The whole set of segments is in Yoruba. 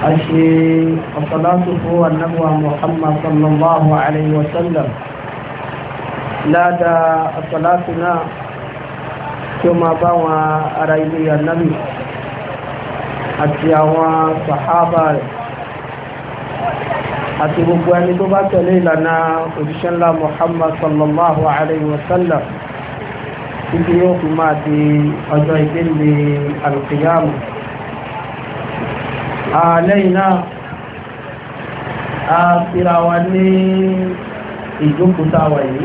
أشي الصلاة هو النبوة محمد صلى الله عليه وسلم لا دا صلاتنا كما بوا أريد النبي أتياوا صحابة àti gbogbo ẹni tó bá tẹ̀lé ìlànà òjíṣẹ́ ńlá Muhammad sallallahu alayhi wa sallam títí yóò fi máa di ọjọ́ ìdílé alùpùpù lẹ́yìn náà a fira wa ní ìjókòóta wà yìí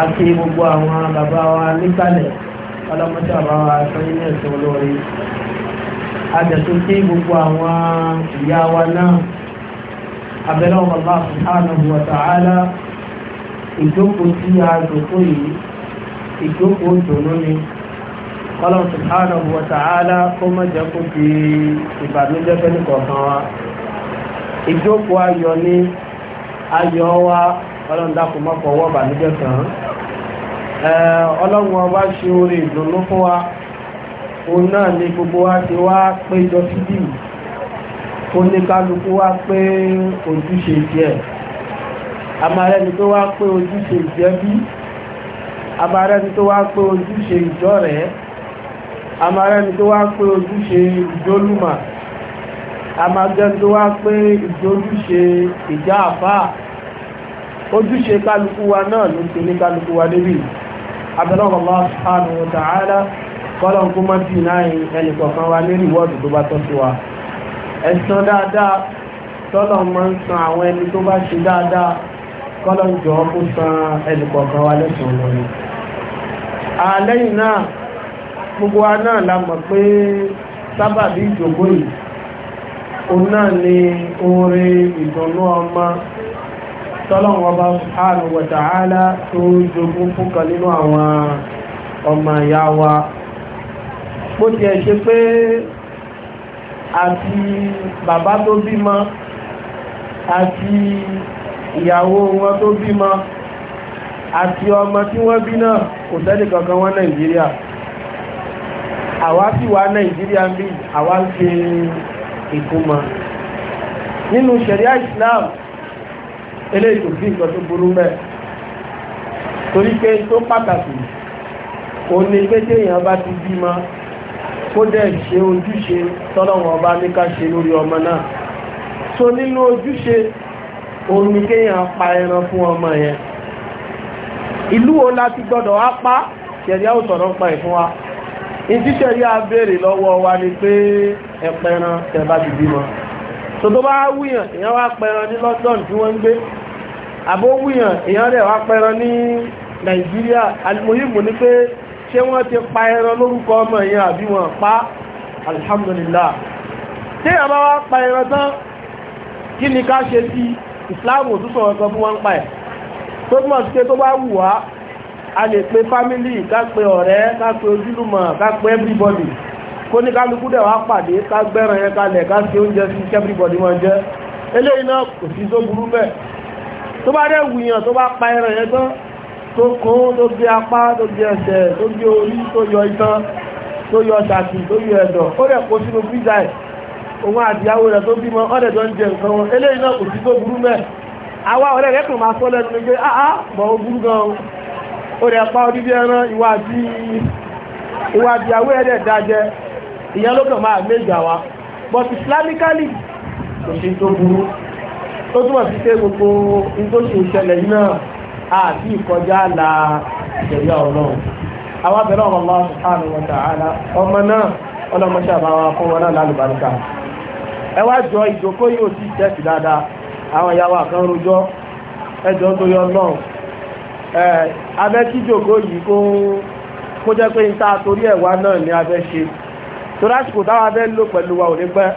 a kí gbogbo àwọn bàbá wa nígbàlẹ̀ ọlọ́mọdé àbáwá sọ́yìn ní ẹ̀sùn olóore àjẹ̀tún kí gbogbo àwọn ìyá wa náà abẹ́lẹ́ ọmọ bá subhanahu ìjókòó tí a yìí ìjókòó dùnú ni ọlọ́run subhanahu wa ta'ala kó má jẹ́ kó fi ìbànújẹ́ fẹ́ni kọ̀ọ̀kan wa ìjókòó ayọ̀ ní ayọ̀ wa ọlọ́run dákun má fọwọ́ ìbànújẹ́ kàn án ọlọ́run ọba ṣe orí ìdùnnú fún wa òun náà ni gbogbo wa ti wá péjọ síbí oníkálukú wá pé ojúṣe tiẹ̀ amarẹ́ni tó wá pé ojúṣe ìjẹ́bí amarẹ́ni tó wá pé ojúṣe ìjọ́rẹ̀ẹ́ a máa rẹ́ni tó wá pé ojúṣe ìjólúmà a máa rẹ́ni tó wá pé ìjólúṣe ìjà àfáà ojúṣe kálukú wa náà ló ti ní kálukú wa débi abẹ́lọ́wọ́ bá sánú tààlà kọ́lọ̀n kó mọ́ sí náà ẹnì kọ̀ọ̀kan wa lérí wọ́ọ̀dù tó bá tọ́ sí wa ẹ̀san dáadáa tọ́lọ̀ máa ń san àwọn ẹni tó bá ṣe dáadáa kọ́lọ̀n jọ kó san ẹnì kọ̀ọ̀kan wa lẹ́san lọ́rùn àlẹ́yìn náà gbogbo wa náà la mọ̀ pé sábàbí ìjòkó yìí òun náà ni oore ìdùnnú ọmọ tọ́lọ́wọ́n ọba subhanahu wa ta'ala tó jogún fúnkan nínú àwọn ọmọ ìyá wa bó tiẹ̀ ṣe pé àti bàbá tó bímọ àti ìyàwó wọn tó bímọ àti ọmọ tí wọ́n bí náà kò sẹ́ni kankan wọn Nàìjíríà àwa sì wá nàìjíríà ń bí àwa ń ṣe ìkómọ nínú ṣẹ̀ríà islam eléyìí kò sí nǹkan tó burú mẹ́ torí pé tó pàtàkì ò ní pé téèyàn bá ti bímọ kó dẹ̀ ṣe ojúṣe tọ́lọ́wọ́n ọba ní ká ṣe lórí ọmọ náà so nínú ojúṣe òun ni kéèyàn pa ẹran fún ọmọ yẹn ìlú wo la gbọ́dọ̀ wá pa ṣẹ̀ríà ò sọ̀rọ̀ pa ẹ̀ fún wa ìjíṣẹ́ yá béèrè lọ́wọ́ wa ni pé ẹ̀pẹ̀ran tẹ̀bá ti bímọ so tó bá wúyàn èyàn wá pẹran ní London tí wọ́n ń gbé àbó wúyàn èyàn rẹ̀ wá pẹran ní Nàìjíríà alimoyimu ni pé ṣé wọ́n ti pa ẹran lórúkọ ọmọ yẹn àbí wọn pa alhamdulillah tí èyàn bá wá pa ẹran tán kí ni ká ṣe sí Islam òtútù ọ̀sán fún wọn pa ẹ̀ tó a lè pe family ká pe ọ̀rẹ́ ká pe ojúlùmọ̀ ká pe everybody kó ní kálukú dẹ̀ wá pàdé ká gbẹ́ran yẹn kalẹ̀ ká ṣe oúnjẹ sí everybody máa jẹ́ eléyìí náà kò sí tó burú bẹ́ẹ̀ tó bá dẹ̀ wùyàn tó bá pa ẹran yẹn tán tó kún tó gbé apá tó gbé ẹsẹ̀ tó gbé orí tó yọ itan tó yọ ṣàtì tó yọ ẹ̀dọ̀ ó dẹ̀ kó sínú fíjà ẹ̀ òun àtìyàwó rẹ̀ tó bímọ ọ̀dẹ̀ tó ń jẹ nǹkan wọn eléyìí náà kò sí tó burú bẹ́ẹ̀ àwa ọ̀rẹ́ rẹ̀ kàn máa sọ lẹ́nu pé ah ah bọ̀ ó burú gan-an o rẹ̀ pa odidi ẹran ìwà àdìyàwó ẹ̀rẹ̀ dájẹ́ ìyẹn ló máa méjà wa but islamically kò sí tó burú tó túmọ̀ sí pé gbogbo nítorí ìṣẹ̀lẹ̀ náà àti ìkọjá la ìṣẹ̀lẹ̀ ọlọ́run àwọn abẹ̀rẹ̀ ọmọ Allah subhanahu wa ta'ala ọmọ náà ọlọ́mọṣẹ́ àbáwá fún na náà lálùbáríkà ẹ wá jọ ìjókòó yóò ti tẹ̀sí abẹ́kíjòkó yìí kó jẹ́ pé níta torí ẹ̀wà náà ní abẹ́ ṣe tó lásìkò táwọn abẹ́ lò pẹ̀lú wa ò ní pẹ́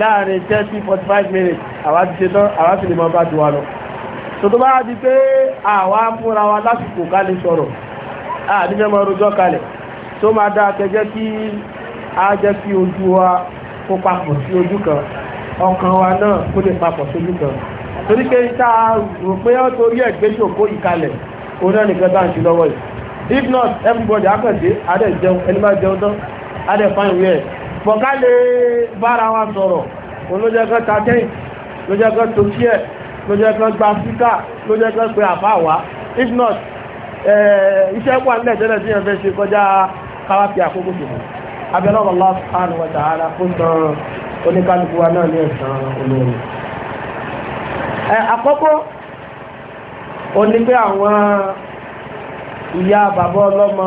láàrin 30-45 minutes àwa ti ṣe tán àwa sì lè mọ bá ti wà lọ tó tó bá di pé àwa fúnra wa lásìkò ká lè sọ̀rọ̀ àdíjẹ́ mọ rojọ́ kalẹ̀ tó máa dá akẹjẹ́ kí a jẹ́ kí ojú wa kó papọ̀ sí ojú kan ọkàn wa náà kó lè papọ̀ sójú kan torí pé ìta rò pé ó torí ẹ̀gbẹ́ ṣòkó ìkalẹ̀ òun náà nìkan bá ń ṣe lọ́wọ́ yìí if not everybody akọ̀dé adé jẹun ẹni máa jẹun tán adé fáyìn wíẹ̀ bọ̀ká lè bára wa sọ̀rọ̀ olójẹ́kọ́ ta tẹ́yìn lójẹ́kọ́ tó kí ẹ̀ lójẹ́kọ́ gba fíkà lójẹ́kọ́ pé àfá wá if not iṣẹ́ wà nílẹ̀ tẹ́lẹ̀ tí yẹn fẹ́ ṣe kọjá káwá fi àkókò tó abẹ́lọ́wọ́ Allah subhanahu wa ta'ala fún tán oníkálukú wa náà ní ẹ̀sán olóòrùn àkọ́kọ́ o ní pé àwọn ìyá bàbá ọlọ́mọ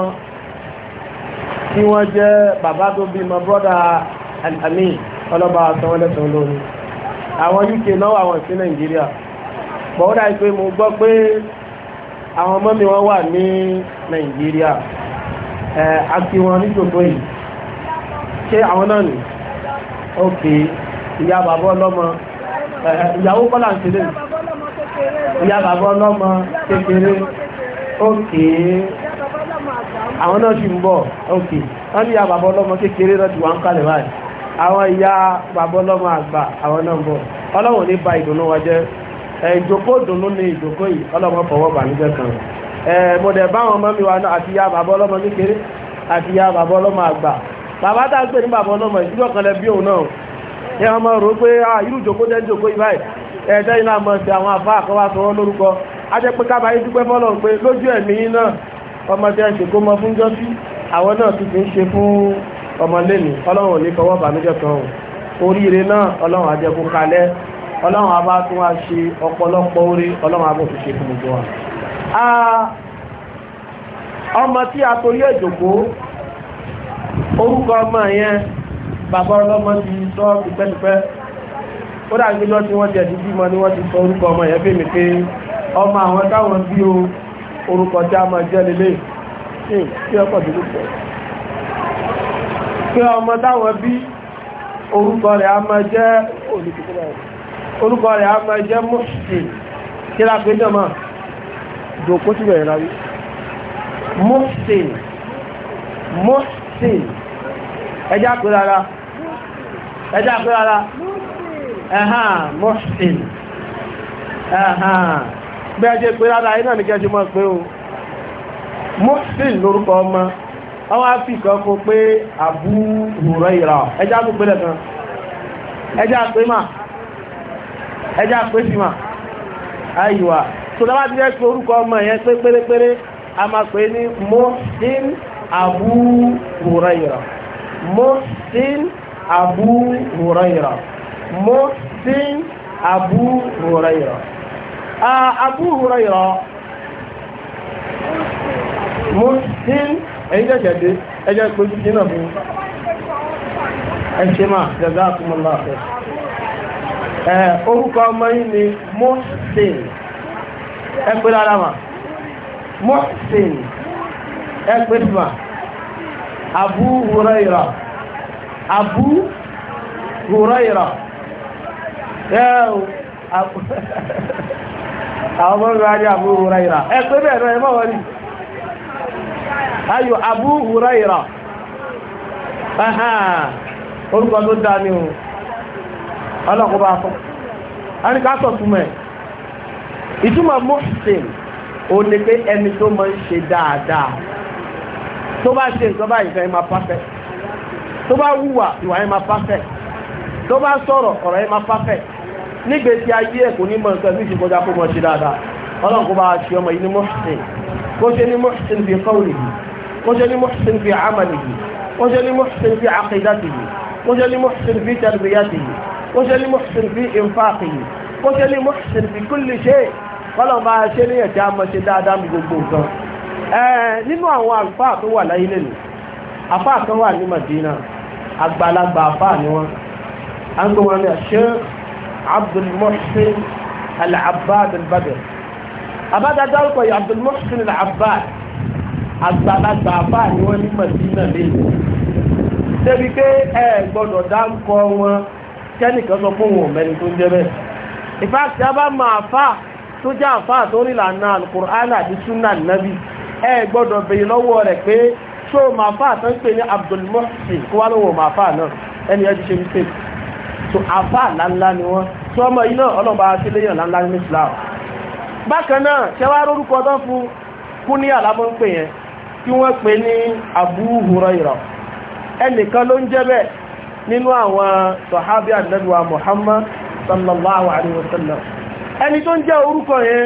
tí wọ́n jẹ́ bàbá tó bímọ brọ́dà alami ọlọ́ba àtọwọ́lẹ́sàn lórí àwọn UK náà àwọn sí Nàìjíríà bọ̀wọ́dà pé mo gbọ́ pé àwọn ọmọ mi wọ́n wà ní Nàìjíríà àti wọn níjòkó yìí ṣé àwọn náà ní ok ìyá bàbá ọlọ́mọ Eh, ìyàwó kọ́lá ń ṣeré ìyá bàbá ọlọ́mọ kékeré ókè àwọn náà ti ń bọ̀ ókè wọ́n ní ìyá bàbá ọlọ́mọ kékeré náà ti wà ń kalẹ̀ báyìí àwọn ìyá bàbá ọlọ́mọ àgbà àwọn náà ń bọ̀ ọlọ́wọ̀n ní ba ìdùnnú wa jẹ́ eh, ìjòkó ìdùnnú ni ìjòkó yìí ọlọ́mọ fọwọ́ bànújẹ́ kan eh, mo dẹ̀ báwọn ọmọ mi wà náà àti ìyá bàbá ọlọ́mọ kékeré àti ìyá bàbá ọlọ́mọ àgbà bàbá tá a gbé ní bàbá ọlọ́mọ ìdíjọ́ kan lẹ bí òun náà ẹ ọmọ rò pé irú ìjòkó jẹ́ ìjòkó ìbáyìí ẹ̀ẹ́dẹ́ iná mọ̀ sí àwọn àbá àkọwà sọ wọ́n lórúkọ a jẹ́ pé kábàáyé dúpẹ́ fọ́lọ̀ pé lójú ẹ̀mí náà ọmọdé ìjòkó mọ fún jọ́sí àwọn náà ti fi ń ṣe fún ọmọlẹ́ni ọlọ́run ò ní fọwọ́ bàmíjọ́ kan oríire náà ọlọ́run àjẹkù kalẹ́ ọlọ́run abá tún wá ṣe ọ̀pọ̀lọpọ̀ orí ọlọ́run abá tún ṣe fún gbogbo wa ọmọ tí a torí ẹ̀jòkó orúkọ ọmọ yẹn bàbá ọlọ́mọ ti sọ pípẹ́pípẹ́ ó dà níjọ́ tí wọ́n ti ẹ̀dí bímọ ni wọ́n ti sọ orúkọ ọmọ yẹn fèmí pé ọmọ àwọn táwọn bí o orúkọ tí a máa jẹ́ lélẹ̀ tí ọkọ̀ tó ló pẹ̀ pé ọmọ táwọn bí orúkọ rẹ̀ a máa jẹ́ orúkọ rẹ̀ a máa jẹ́ ẹjá pé rárá ẹjá pé ara ẹ̀hàn Muhsin ẹ̀hàn bẹ́ẹ̀jẹ́ pé ara iná ní kẹjú mọ́ pé o Muhsin lórúkọ ọmọ àwọn áfíkà kó pé Abu Huraira ẹjá kó pé lẹ́kan ẹjá pé mà ẹjá pé sí mà ayíwá tó dábàá ti jẹ́ pé orúkọ ọmọ yẹn pé pérépéré a máa pè ní Muhsin Abu Huraira Muhsin Abu Huraira Muslim Abu Huraira ah, Abu Huraira Muslim ẹ̀yí jẹ́jẹ̀dé ẹjẹ́ ìpójú jẹ́ náà fún ẹ̀ṣẹ́ máa jẹ́zá àtúmọ̀lá àfẹ́ orúkọ ọmọ yìí ni Muslim ẹgbẹ́ lára mà Muslim ẹgbẹ́ mà Abu Huraira Abu Huraira àwọn mọ́rin ajé Abu Huraira ẹgbẹ́ bẹ̀rẹ̀ ẹmọ́ wọ́n ni ayò Abu Huraira orúkọ tó dá ní ohun ọlọ́kọ̀ọ́bá fún a ní ká sọ túnmọ̀ ìtumọ̀ Muhsin ó ní pé ẹni tó máa ń ṣe dáadáa tó bá ṣe nǹkan báyìí fẹ́ pàfẹ́ tó bá wùwà ìwà yẹn máa perfect tó bá sọ̀rọ̀ ọ̀rọ̀ yẹn máa perfect nígbèsí ayé ẹ̀ kò ní mọ̀ nǹkan bí ìṣèkọjá kó mọ̀ ṣe dáadáa ọlọ́run kó bá a ṣe ọmọ yìí ní muhsin kó ṣe ní muhsin fi qawlihi kó ṣe ní muhsin fi amalihi kó ṣe ní muhsin fi aqidatihi kó ṣe ní muhsin fi tarbiyatihi kó ṣe ní muhsin fi infaqihi kó ṣe ní muhsin fi kulli shay ọlọ́run bá a ṣe ní ẹ̀já mọ̀ ṣe dáadáa gbogbo nǹkan nínú àwọn àlùfáà tó wà láyé lẹ́nu afá kan wà ní Madina àgbàlagbà afá ni wọ́n a ń gbé wọn ní Sheikh Abdul Muhsin Al-Abbad Al-Badr abájá dárúkọ yìí Abdul Muhsin Al-Abbad àgbàlagbà afá ni wọ́n ní Madina lẹ́yìn débi pé ẹ gbọ́dọ̀ dáńkọ wọn kẹ́nìkan sọ fún wọn mẹ́ni tó ń jẹ́ bẹ́ẹ̀ ìfáàsì abá máa fà tó jẹ́ àfà tó nílànà Al-Qur'an àti súnà nàbì ẹ gbọ́dọ̀ bèèrè lọ́wọ́ rẹ̀ pé so màfà tó ń pè ní abdulmuhsin kó wá lówó màfà náà ẹni ẹjú ṣe ń pè so àfà lánlá ni wọ́n tí ọmọ yìí náà ọlọ́ba sílé yàn lánlá ní islam bákan náà ṣẹwàá rórúkọ tó fún kú ní àlámọ́ ń pè yẹn tí wọ́n pè ní Abu Hurairah ẹnìkan ló ń jẹ́ bẹ́ẹ̀ nínú àwọn sọ̀hábí àdẹ́lúwà Muhammad sallallahu alaihi wasallam eni tó ń jẹ́ orúkọ yẹn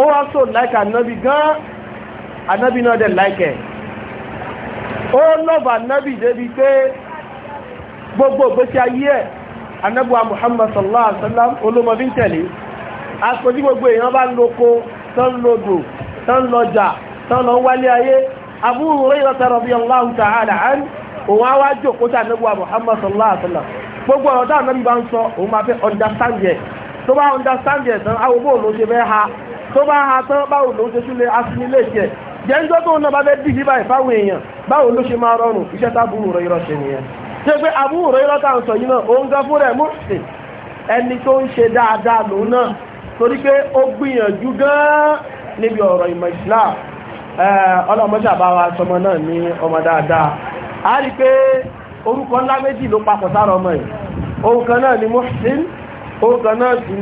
ó wá sọ láìka ànábì gan ànábì náà like láìkẹ̀ẹ́ ó lọ́bà nábì débi pé gbogbo ìgbésí ayé ẹ̀ anábùwà Muhammad sallallahu alaihi wasallam olómọbí ń tẹ̀lé aṣojú gbogbo èèyàn bá ń loko tán lodò tán lọjà tán lọ wálé ayé Abu Hurairah radiyallahu ta'ala an òun á wá jókòó tí anábùwà Muhammad sallallahu alaihi wasallam gbogbo ọ̀rọ̀ tá ànábì bá ń sọ òun máa fẹ́ understand yẹ jẹ́njọ́ tó náà bá fẹ́ dìbí báyìí fáwọn èèyàn báwo ló ṣe máa rọrùn iṣẹ́ tábùrù rọ irọ́ ṣe nìyẹn tí ó pé àbúrò rọ irọ́ táwọn sọ yìí náà ó ń gan fún rẹ̀ mú sí ẹni tó ń ṣe dáadáa lòun náà torí pé ó gbìyànjú gan níbi ọ̀rọ̀ ìmọ̀ Islam ọlọ́mọṣà bá wa sọmọ náà ní ọmọ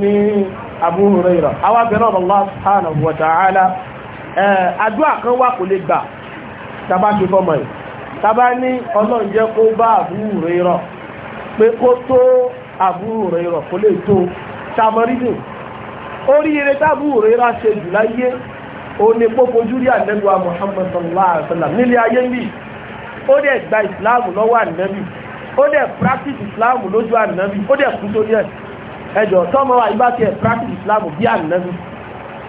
ni Abu Hurairah awábẹ̀rẹ̀ Allah ta'ala àdúrà kan wà kò lè gbà tàbá ṣe fọ́mọ̀ ẹ̀ tàbá ní ọlọ́run jẹ́ kó bá àbúrò rẹ̀ rọ̀ pé kó tó àbúrò rẹ̀ rọ̀ kó lè tó tamarídì oríire tábúrò rẹ̀ rà ṣe jù láyé ó ní pópojú rí ànẹ́gbà Muhammad sallallahu alaihi practice ìsìláàmù lójú ànẹ́bì ó dẹ̀ kú wa ìbá practice ìsìláàmù bí ànẹ́bì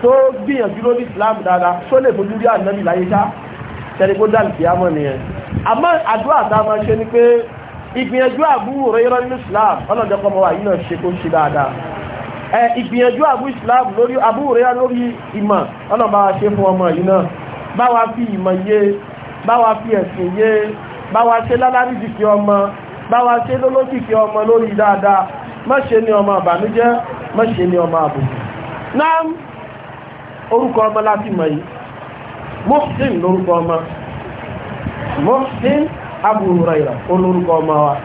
tó gbìyànjú lórí islam dáadáa tó lè fojú rí ànábì láyé ṣá tẹ́lẹ̀ kó dàlù kí á mọ̀ nìyẹn àmọ́ àdúrà tá a máa ṣe ni pé ìgbìyànjú àbúrò wa yìí náà ṣe kó ṣe dáadáa ẹ ìgbìyànjú àbú islam lórí àbúrò rẹ lórí ìmọ̀ ọlọ́ba ṣe fún ọmọ yìí náà bá wa fi ìmọ̀ yé bá wa fi ẹ̀sìn yé bá wa ṣe lálárìjì kí ọmọ bá wa ṣe lólókìkí ọmọ lórí dáadáa má ṣe ní ọmọ àbànújẹ́ má ṣe ní ọmọ àbùkù náà orúkọ ọmọ láti mọ̀ yìí Muhsin lórúkọ ọmọ Muhsin Abu Hurairah olórúkọ ọmọ wa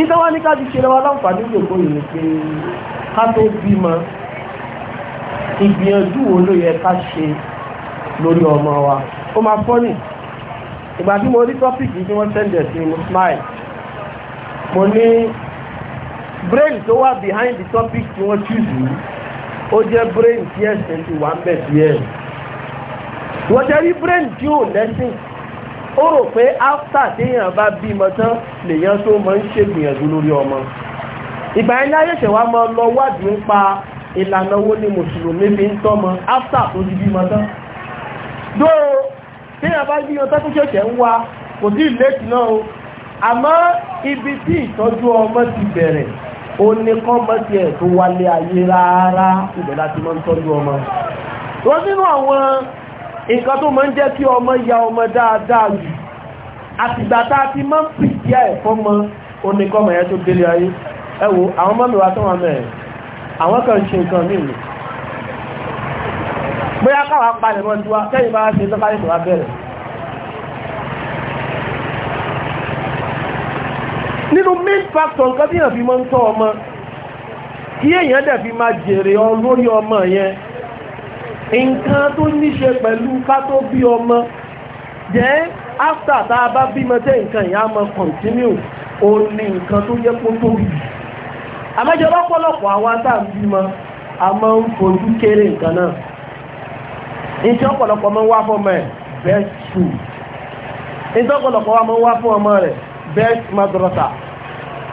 ìtawà ní ká ti ṣe lọ́wọ́ láǹfààní ìjòkó ìlú pé ká tó bímọ ìgbìyànjú wo ló yẹ ká ṣe lórí ọmọ wa ó máa fọ́nì ìgbà tí mo rí tọ́pìkì tí wọ́n tẹ́ndẹ̀ sí mo smile mo ní brain tó wà behind the topic tí wọ́n choose yìí ó jẹ́ brain tí ẹ̀sìn ti wà ń bẹ̀ díẹ̀ wọ́n jẹ́ rí brain tí ò lẹ́sìn ó rò pé after téèyàn bá bímọ tán lèèyàn tó máa ń ṣègbìyànjú lórí ọmọ ìgbà yẹn láyé ṣẹ̀wá máa lọ wádìí ń pa ìlànà owó ní mùsùlùmí fi ń tọ́mọ after tó di bímọ tán dó téèyàn bá bímọ tán tó ṣẹ̀ṣẹ̀ ń wá kò sí ìlétí náà o àmọ́ ibi tí ìtọ́jú ọmọ ti bẹ̀rẹ̀ ó ní kọ́mọ̀tì ẹ̀ tó wálé ayé rárá ibẹ̀ láti máa ń tọ́jú ọmọ wọ́n nínú àwọn nǹkan tó máa ń jẹ́ kí ọmọ ya ọmọ dáadáa jù àtìgbà tá a ti máa ń pìtì ẹ̀ fọ́mọ ó ní kọ́mọ̀ nínú main factor nǹkan tí èèyàn fi máa ń tọ́ ọmọ kí èèyàn dẹ̀ fi máa jèrè ọ lórí ọmọ yẹn nǹkan tó níṣe pẹ̀lú ká tó bí ọmọ jẹ́ after tá a bá bímọ tẹ́ nǹkan ìyá máa continue ó ní nǹkan tó yẹ kó tóbi àmọ́jọ lọ́pọ̀lọpọ̀ àwọn tá a bímọ a máa ń fojú kéré nǹkan náà nǹkan ọ̀pọ̀lọpọ̀ máa ń wá fún ọmọ ẹ̀ best school nǹkan ọ̀pọ̀lọpọ̀ wa máa ń wá fún ọmọ rẹ̀ best madrasa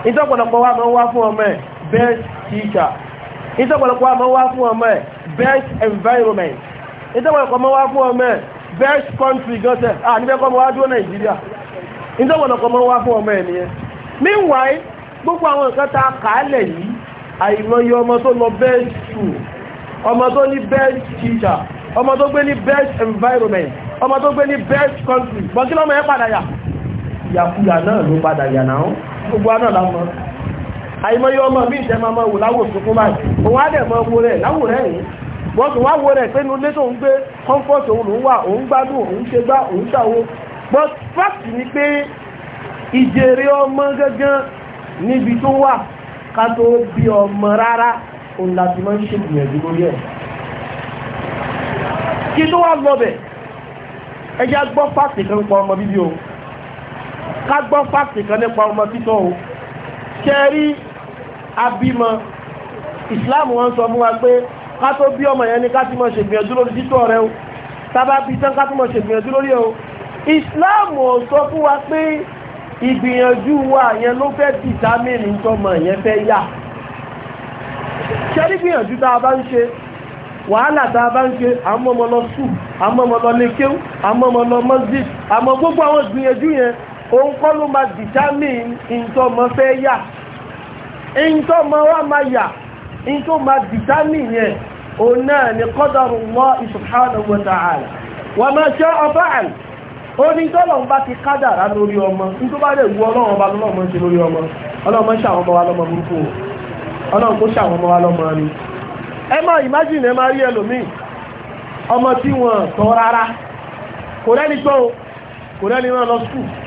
ìtọ́pọ̀lọpọ̀ wa máa ń wá fún ọmọ ẹ̀ best teacher ìtọ́pọ̀lọpọ̀ wa máa ń wá fún ọmọ ẹ̀ best environment ìtọ́pọ̀lọpọ̀ máa ń wá fún ọmọ ẹ̀ best country gọ́sẹ̀ ah, níbẹ̀ kọ́ mọ́ wá dúró nàìjíríà ìtọ́pọ̀lọpọ̀ máa ń wá fún ọmọ ẹ̀ nìyẹn meanwhile gbogbo àwọn nǹkan tá a kà á lẹ̀ yìí àìmọye ọmọ tó lọ best school ọmọ tó ní best teacher ọmọ tó gbé ní best environment ọmọ tó gbé ní best country bọ́kí lọ́mọ ẹ̀ padà yà ìyàkúyà náà ló padà yànà ọ́ gbogbo náà lámọ́ àìmọ́yọ́ ọmọ bí ìṣẹ́ máa wò láwò sunkún báyìí òun á dẹ̀ mọ́ wo rẹ̀ láwò rẹ̀yìn wọ́n tún wá wo rẹ̀ pé nulé tó ń gbé comfort òun lòún wà òun gbádùn òun ṣe gbá òun ṣàwo but fact ni pé ìjèrè ọmọ gángan níbi tó wà ká tó bí ọmọ rárá òun láti máa ń ṣègbìyànjú lórí ẹ̀ kí tó wá lọ ẹjá gbọ́ fáàtì kan pa ọmọ bíbí òun ká gbọ́ fáàkì kan nípa ọmọ títọ́ o ṣe rí abímọ ìsìláàmù wọn sọ fún wa pé ká tó bí ọmọ yẹn ni ká ti mọ̀ ṣègbìyànjú lórí títọ́ rẹ o tábà bí tán ká tó mọ̀ ṣègbìyànjú lórí o ìsìláàmù ò sọ fún wa pé ìgbìyànjú wa yẹn ló fẹ́ dìtámìnì tọmọ yẹn fẹ́ yà ṣe rí gbìyànjú tá a bá ń ṣe wàhálà tá a bá ń ṣe àmọ́mọ́ lọ sùn àmọ́mọ́ lọ lékéw àmọ́mọ́ lọ mọ́sí àmọ́ gbogbo àwọn ìgbìyànjú yẹn òun kọ́ ló máa determine ìtọ́ ọmọ fẹ́ yà ìtọ́ ọmọ wa máa yà ìtọ́ máa determine yẹn òun náà ni qadarullahi subhanahu wa wa ma sha'a ọba ala ní tọ́lọ̀n bá ti kádàrá lórí ọmọ tó bá lè wú ọlọ́run ọmọ ọlọ́mọ ṣàwọn ọmọ tí tọ́ rárá kò rẹ́ni kò rẹ́ni náà lọ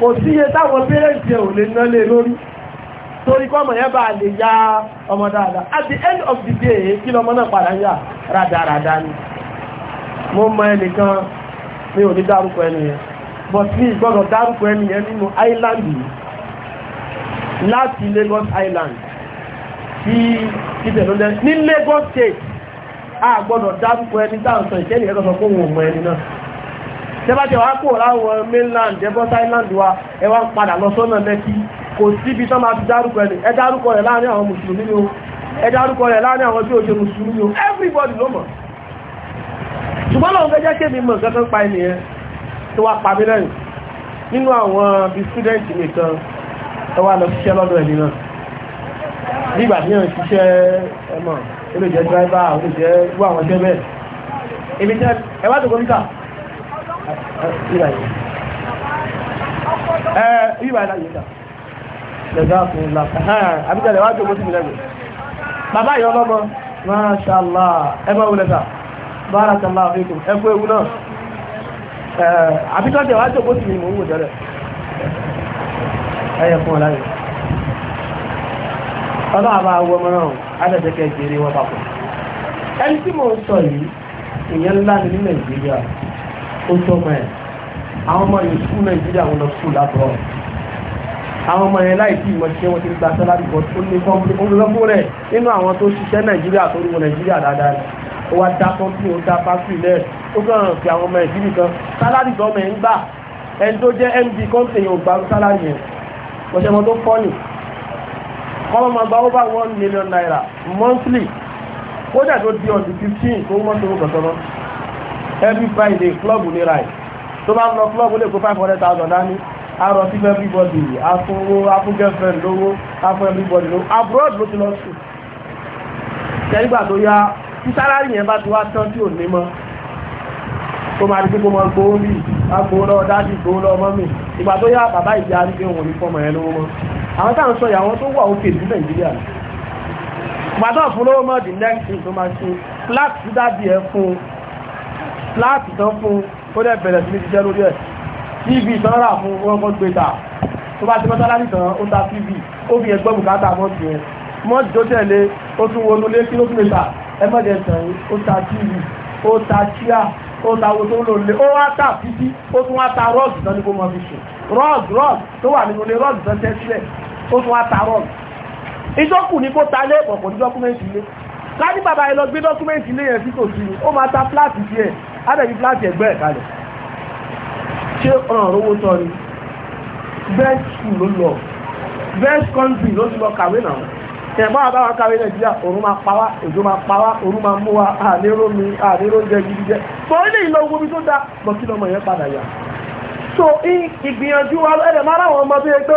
kò sí iye táwọn pẹ́rẹ́ǹtì ẹ̀ ò lè ná lé lórí torí kọ́ bá lè ya ọmọ dáadáa at the end of the day kí lọmọ náà padà ń yà ni mo mọ kan. mi ò ní dárúkọ ẹni yẹn but mi ìgbọ́dọ̀ dárúkọ ẹni yẹn nínú island yìí láti Lagos Island sí ìbẹ̀lódé ní Lagos State a gbọ́dọ̀ dárúkọ ẹni taa sọ ìkẹ́ni ẹ̀kọ́ sọ tẹ́bàtẹ̀ wá kò láwọn mainland ẹbọ́ thailand wa ẹ ń padà lọ sọ́nà lẹ́kí kò síbi tán máa fi dárúkọ ẹ̀ ẹ rẹ̀ láàrin àwọn mùsùlùmí o ẹ dárúkọ rẹ̀ láàrin àwọn tí ó ṣe mùsùlùmí o everybody ló mọ̀ ṣùgbọ́n lọ́wọ́ fẹ́ jẹ́ kí èmi mọ̀ kankan pa ènìyàn tó wá pa mí lẹ́yìn nínú àwọn bí student nìkan ẹ wá lọ ṣiṣẹ́ lọ́dọ̀ ẹ̀mí náà nígbà tí yàn ṣiṣẹ́ ẹ̀mọ̀ ó lè jẹ́ driver ó lè jẹ́ irú àwọn jẹ́ bẹ́ẹ̀ èmi jẹ́ ẹ tó kọ́ bàbá yọ lọ́mọ máṣàlá ẹgbẹ́ wulẹ̀ta bárakàlá fíkùn ẹkú ewu náà àbíkọ́ tẹ̀wàá tó bó ti ní mò ń wò jẹ́rẹ̀ ẹyẹ fún ọláyẹ ọlọ́àbá awọ mọ́ràn adẹ́dẹ́kẹ́ jẹ́rẹ́ wọn papọ̀ ẹni tí mò ń sọ yìí ìyẹn ńlá ní Nàìjíríà ó tọ́mọ ẹ̀ àwọn ọmọ yìí skul nàìjíríà wọn lọ skul lábọ̀ àwọn ọmọ yẹn láì tí ìmọ̀ ṣe wọn ti gba sálárì bọ́ tó ní kọ́mpútì ó lọ fún rẹ̀ nínú àwọn tó ṣiṣẹ́ nàìjíríà tó rúwọ nàìjíríà dáadáa rẹ̀ ó wá dá kọ́mpútì ó dá fásitì lẹ̀ ó kàn fi àwọn ọmọ ìdílé kan sálárì gọ́ọ̀mù ẹ̀ ń gbà ẹni tó jẹ́ md kọ́mpútì yẹn ò gba sálárì yẹn ọ̀ṣẹ́ wọn tó kọ́ ni kọ́mọ máa gba over one million naira monthly kódà tó di ọ̀dù fifteen tó mọ́ tó kọ̀tọ́ every friday club ní ráì tó bá ń lọ club ó lè kó five hundred thousand dání arọ sí fún everybody afúnwó afún girlfriend lówó afún everybody lówó abroad ló ti lọ sùn tẹ́lígbà tó yá tí sálárì yẹn bá ti wá tán tí ò ní mọ́ tó máa di pé kó mọ gbowó mi agbowó lọ dájú gbowó lọ ọmọ mi ìgbà tó yá bàbá ìjà rí pé òun ní fọmọ ẹ lówó mọ àwọn táwọn sọ ìyàwó tó wà òkè ní nàìjíríà ìgbà tó fún lówó mọ the next thing tó máa ṣe flat dábì ẹ fún fúláàtì tán fún ó dẹ̀ bẹ̀rẹ̀ sí ní ṣiṣẹ́ lórí ẹ̀ tv tán rà fún wọn kọ́ gbé ta tó bá ti mọ́sálásí tán ó ta tv ó fi ẹgbẹ́ bùkátà mọ́ sí ẹ mọ́ tó tẹ̀lé ó tún wọnú lé kí ló tún lè ta ẹ mọ́ jẹ tàn yín ó ta tv ó ta chia ó ta wo tó ń lò lé ó wá tà títí ó tún wá ta rọ́ọ̀gì tán ní kó mọ fi sùn rọ́ọ̀gì rọ́ọ̀gì tó wà nínú ilé rọ́ọ̀gì tán tẹ́ sílẹ̀ ó tún wá ta rọ́ọ̀gì ìjọkù ní kó ta lé ìbọ̀pọ̀ ní dọ́kúmẹ́ntì ilé láti bàbá ẹ lọ gbé dọ́kúmẹ́ntì ilé yẹn sí tòsí ó máa ta fúláàtì díẹ̀ adẹ̀bí fúláàtì ẹgbẹ́ ẹ̀ kalẹ̀ ṣé ọ̀ràn owó tọ́ ni best school ló lọ best country ló ti lọ kàwé náà ẹ̀gbọ́n àbáwá kàwé nàìjíríà òun máa pa wá òjò máa pa wá òun máa mú wa àlérò mi àlérò jẹ gidi jẹ bọ́ ilé ìlọ owó mi tó dá bọ́ kí lọ́mọ yẹn padà yà so ìgbìyànjú wa ẹ̀rẹ̀ máa ráwọn ọmọ tó yẹ pé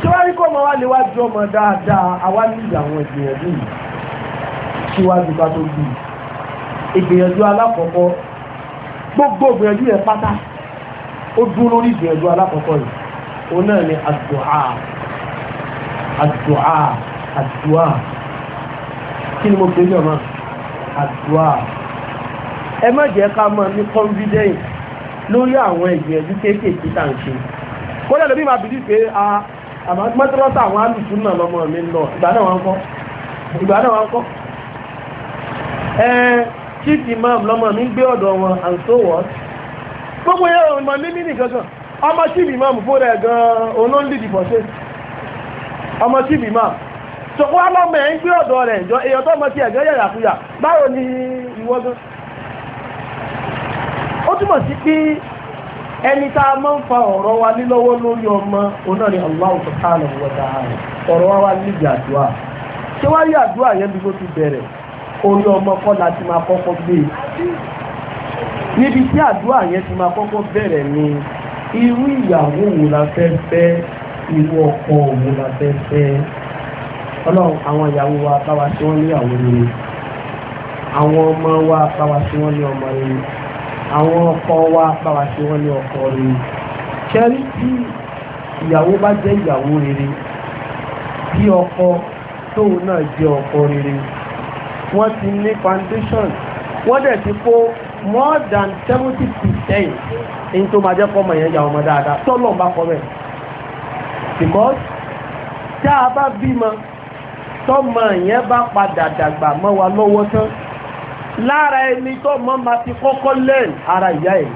tí wọ́n rí kó ọmọ wa lè wá ju ọmọ dáadáa àwa nílì àwọn ìgbìyànjú yìí síwájú ká tó bí ìgbìyànjú alákọ̀ọ́kọ́ gbogbo ìgbìyànjú yẹn pátá ó dúró lórí ìgbìyànjú alákọ̀ọ́kọ́ yìí òun náà ni àdùá àdùá àdùá kí ni mo pè é ní ọmọ àdùá ẹ má jẹ́ ká máa ní confidence lórí àwọn ìgbìyànjú kéékèèké tá à ń ṣe kó lẹ́nu bí màá bìlí pé a. Ah, àmọ́ mọ́tọ́lọ́tọ́ àwọn alùsùn náà lọ́mọ mi lọ ìgbà ẹ̀ẹ́ imam lọ́mọ mi gbé ọ̀dọ̀ and so what gbogbo yẹn ọmọ mi ní nìkankan ọmọ chief imam fún rẹ̀ gan-an ọmọ chief imam alọ́mọ ẹ̀ ń gbé ẹni tá a máa ń fa ọ̀rọ̀ wa lílọ́wọ́ lórí ọmọ oná ni Allah subhanahu wa ta'ala ọ̀rọ̀ wa wá níbi àdúrà ṣé wá rí àdúrà yẹn bí tó ti bẹ̀rẹ̀ orí ọmọ kọ́ la ti máa kọ́kọ́ gbé níbi tí àdúrà yẹn ti máa kọ́kọ́ bẹ̀rẹ̀ ni irú ìyàwó wo la fẹ́ fẹ́ irú ọkọ wo la fẹ́ fẹ́ ọlọ́run àwọn ìyàwó wa bá wa ṣe wọ́n ní ìyàwó rere àwọn ọmọ wa bá wa wọ́n ní ọmọ rere àwọn ọkọ wa báwa ṣe wọ́n ní ọkọ rere ṣẹ́rí tí ìyàwó bá jẹ́ ìyàwó rere bí ọkọ tóun náà jẹ́ ọkọ rere wọ́n ti ní foundation wọ́n dẹ̀ ti kó more than seventy percent èyí tó máa jẹ́ kọ́ ọmọ yẹn yà ọmọ dáadáa tọ́lọ̀ ń bá kọ́ bẹ́ẹ̀ because tá a bá bímọ tọ́mọ yẹn bá padà dàgbà mọ́ wa lọ́wọ́ tán lára ẹni tó mọ́ ma ti kọ́kọ́ lẹ́n ara ìyá ẹ̀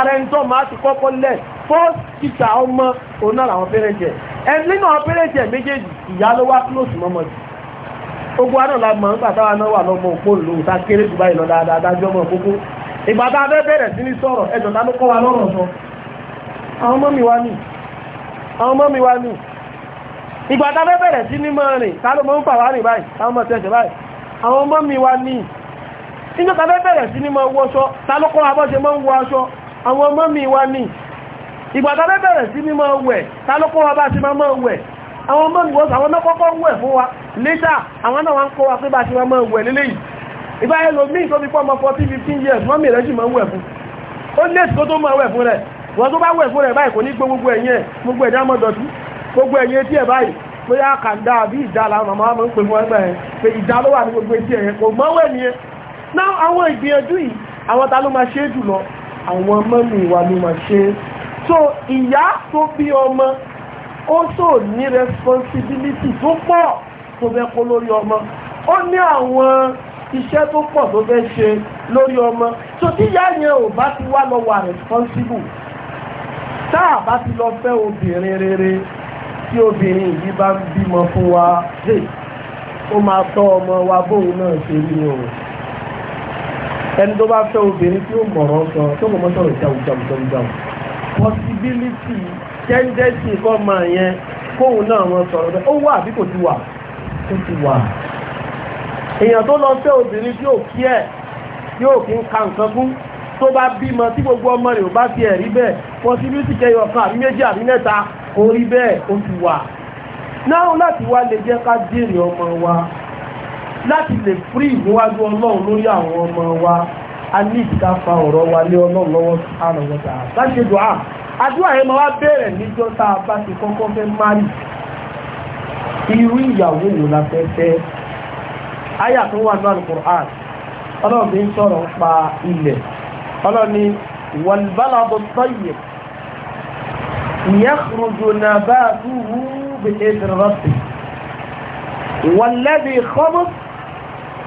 ara ẹni tó ma ti kọ́kọ́ lẹ́n first teacher ọmọ òun náà làwọn parent àwọn parent méjèèjì ìyá ló wá close mọ́mọ́ jù ogun la mọ̀ nígbà táwa náà wà lọ́mọ òpó ìlú ta kéré jù báyìí lọ dáadáa dájọ́ ọmọ òpópó ìgbà tá a fẹ́ bẹ̀rẹ̀ sí ní sọ̀rọ̀ ẹjọ́ ta ló kọ́ wa lọ́rọ̀ sọ àwọn ọmọ mi wá mọ́ rìn ta mọ́ ń fà rìn báyìí táwọn ọmọ tẹ̀sẹ̀ báyìí àwọn ọmọ mi wá ní inú kàfẹ́ bẹ̀rẹ̀ sí ní mọ́ wọ́ṣọ́ tálọ́kọ́ abọ́ṣe mọ́ ń wọ aṣọ àwọn ọmọ mi wá ní ìgbà tàbẹ́ bẹ̀rẹ̀ sí ní mọ́ wẹ̀ tálọ́kọ́ abọ́ṣe mọ́ wẹ̀ àwọn ọmọ mi wọ́ṣọ́ àwọn mẹ́kọ́kọ́ wẹ̀ fún wa lẹ́tà àwọn náà wọ́n kọ́ wa pé bá ṣe mọ́ wẹ̀ lélẹ́yìí ìgbà ẹlòmíì tó fi pọ́ ọmọ 14 15 years mọ́ mi rẹ̀ sì mọ́ wẹ̀ fún ó lè tó tó mọ́ wẹ̀ fún rẹ̀ wọ́n tó bá wẹ̀ fún rẹ̀ báyìí kò pé àkàndá àbí ìdá làwọn màmá máa ń pè fún ẹgbẹ́ ẹ̀ pé ìdá ló wà ní gbogbo etí ẹ̀yẹ kò mọ́wẹ́ ni ẹ náà àwọn ìgbìyànjú yìí àwọn ta ló máa ṣe jùlọ àwọn mọ́mì ìwà ló máa ṣe so ìyá tó bí ọmọ ó sò ní responsibility tó pọ̀ tó fẹ́ kó lórí ọmọ ó ní àwọn iṣẹ́ tó pọ̀ tó fẹ́ ṣe lórí ọmọ so tí ìyá yẹn ò bá ti wá lọ wà responsible tá a bá ti lọ fẹ́ obìnrin rere tí obìnrin yìí bá ń bímọ fún wa dé ó máa tọ́ ọmọ wa bóun náà ṣe rí o ẹni tó bá fẹ́ obìnrin tí ó mọ̀ràn sọ tó kò mọ́ sọ̀rọ̀ jàù jàù jàù jàù possibility tẹ́ńdẹ́sì kọ́ máa yẹn kóun náà wọn sọ̀rọ̀ ó wà àbí kò ti wà ó ti wà èèyàn tó lọ fẹ́ obìnrin tí ò kí ẹ̀ tí ò kí ń ka nǹkan fún tó bá bímọ tí gbogbo ọmọ rẹ̀ ò bá ti ẹ̀ bẹ́ẹ̀ possibility kẹyọ kan àbí méjì àbí mẹ́ta orí bẹ́ẹ̀ ó ti wà náà láti wá lè jẹ́ ká jèrè ọmọ wa láti lè fúrí ìwájú ọlọ́run lórí àwọn ọmọ wa a ní ìdíká fa ọ̀rọ̀ wa lé ọlọ́run lọ́wọ́ àrọ̀wọ́ta láti dùn á àdúrà yẹn máa bẹ̀rẹ̀ bá ti kọ́kọ́ la fẹ́ fẹ́ àyà tó wà náà Al-Qur'an ọlọ́run ń sọ̀rọ̀ pa ilẹ̀ ni wal baladu tayyib يخرج نباته بإذن ربي، والذي خبط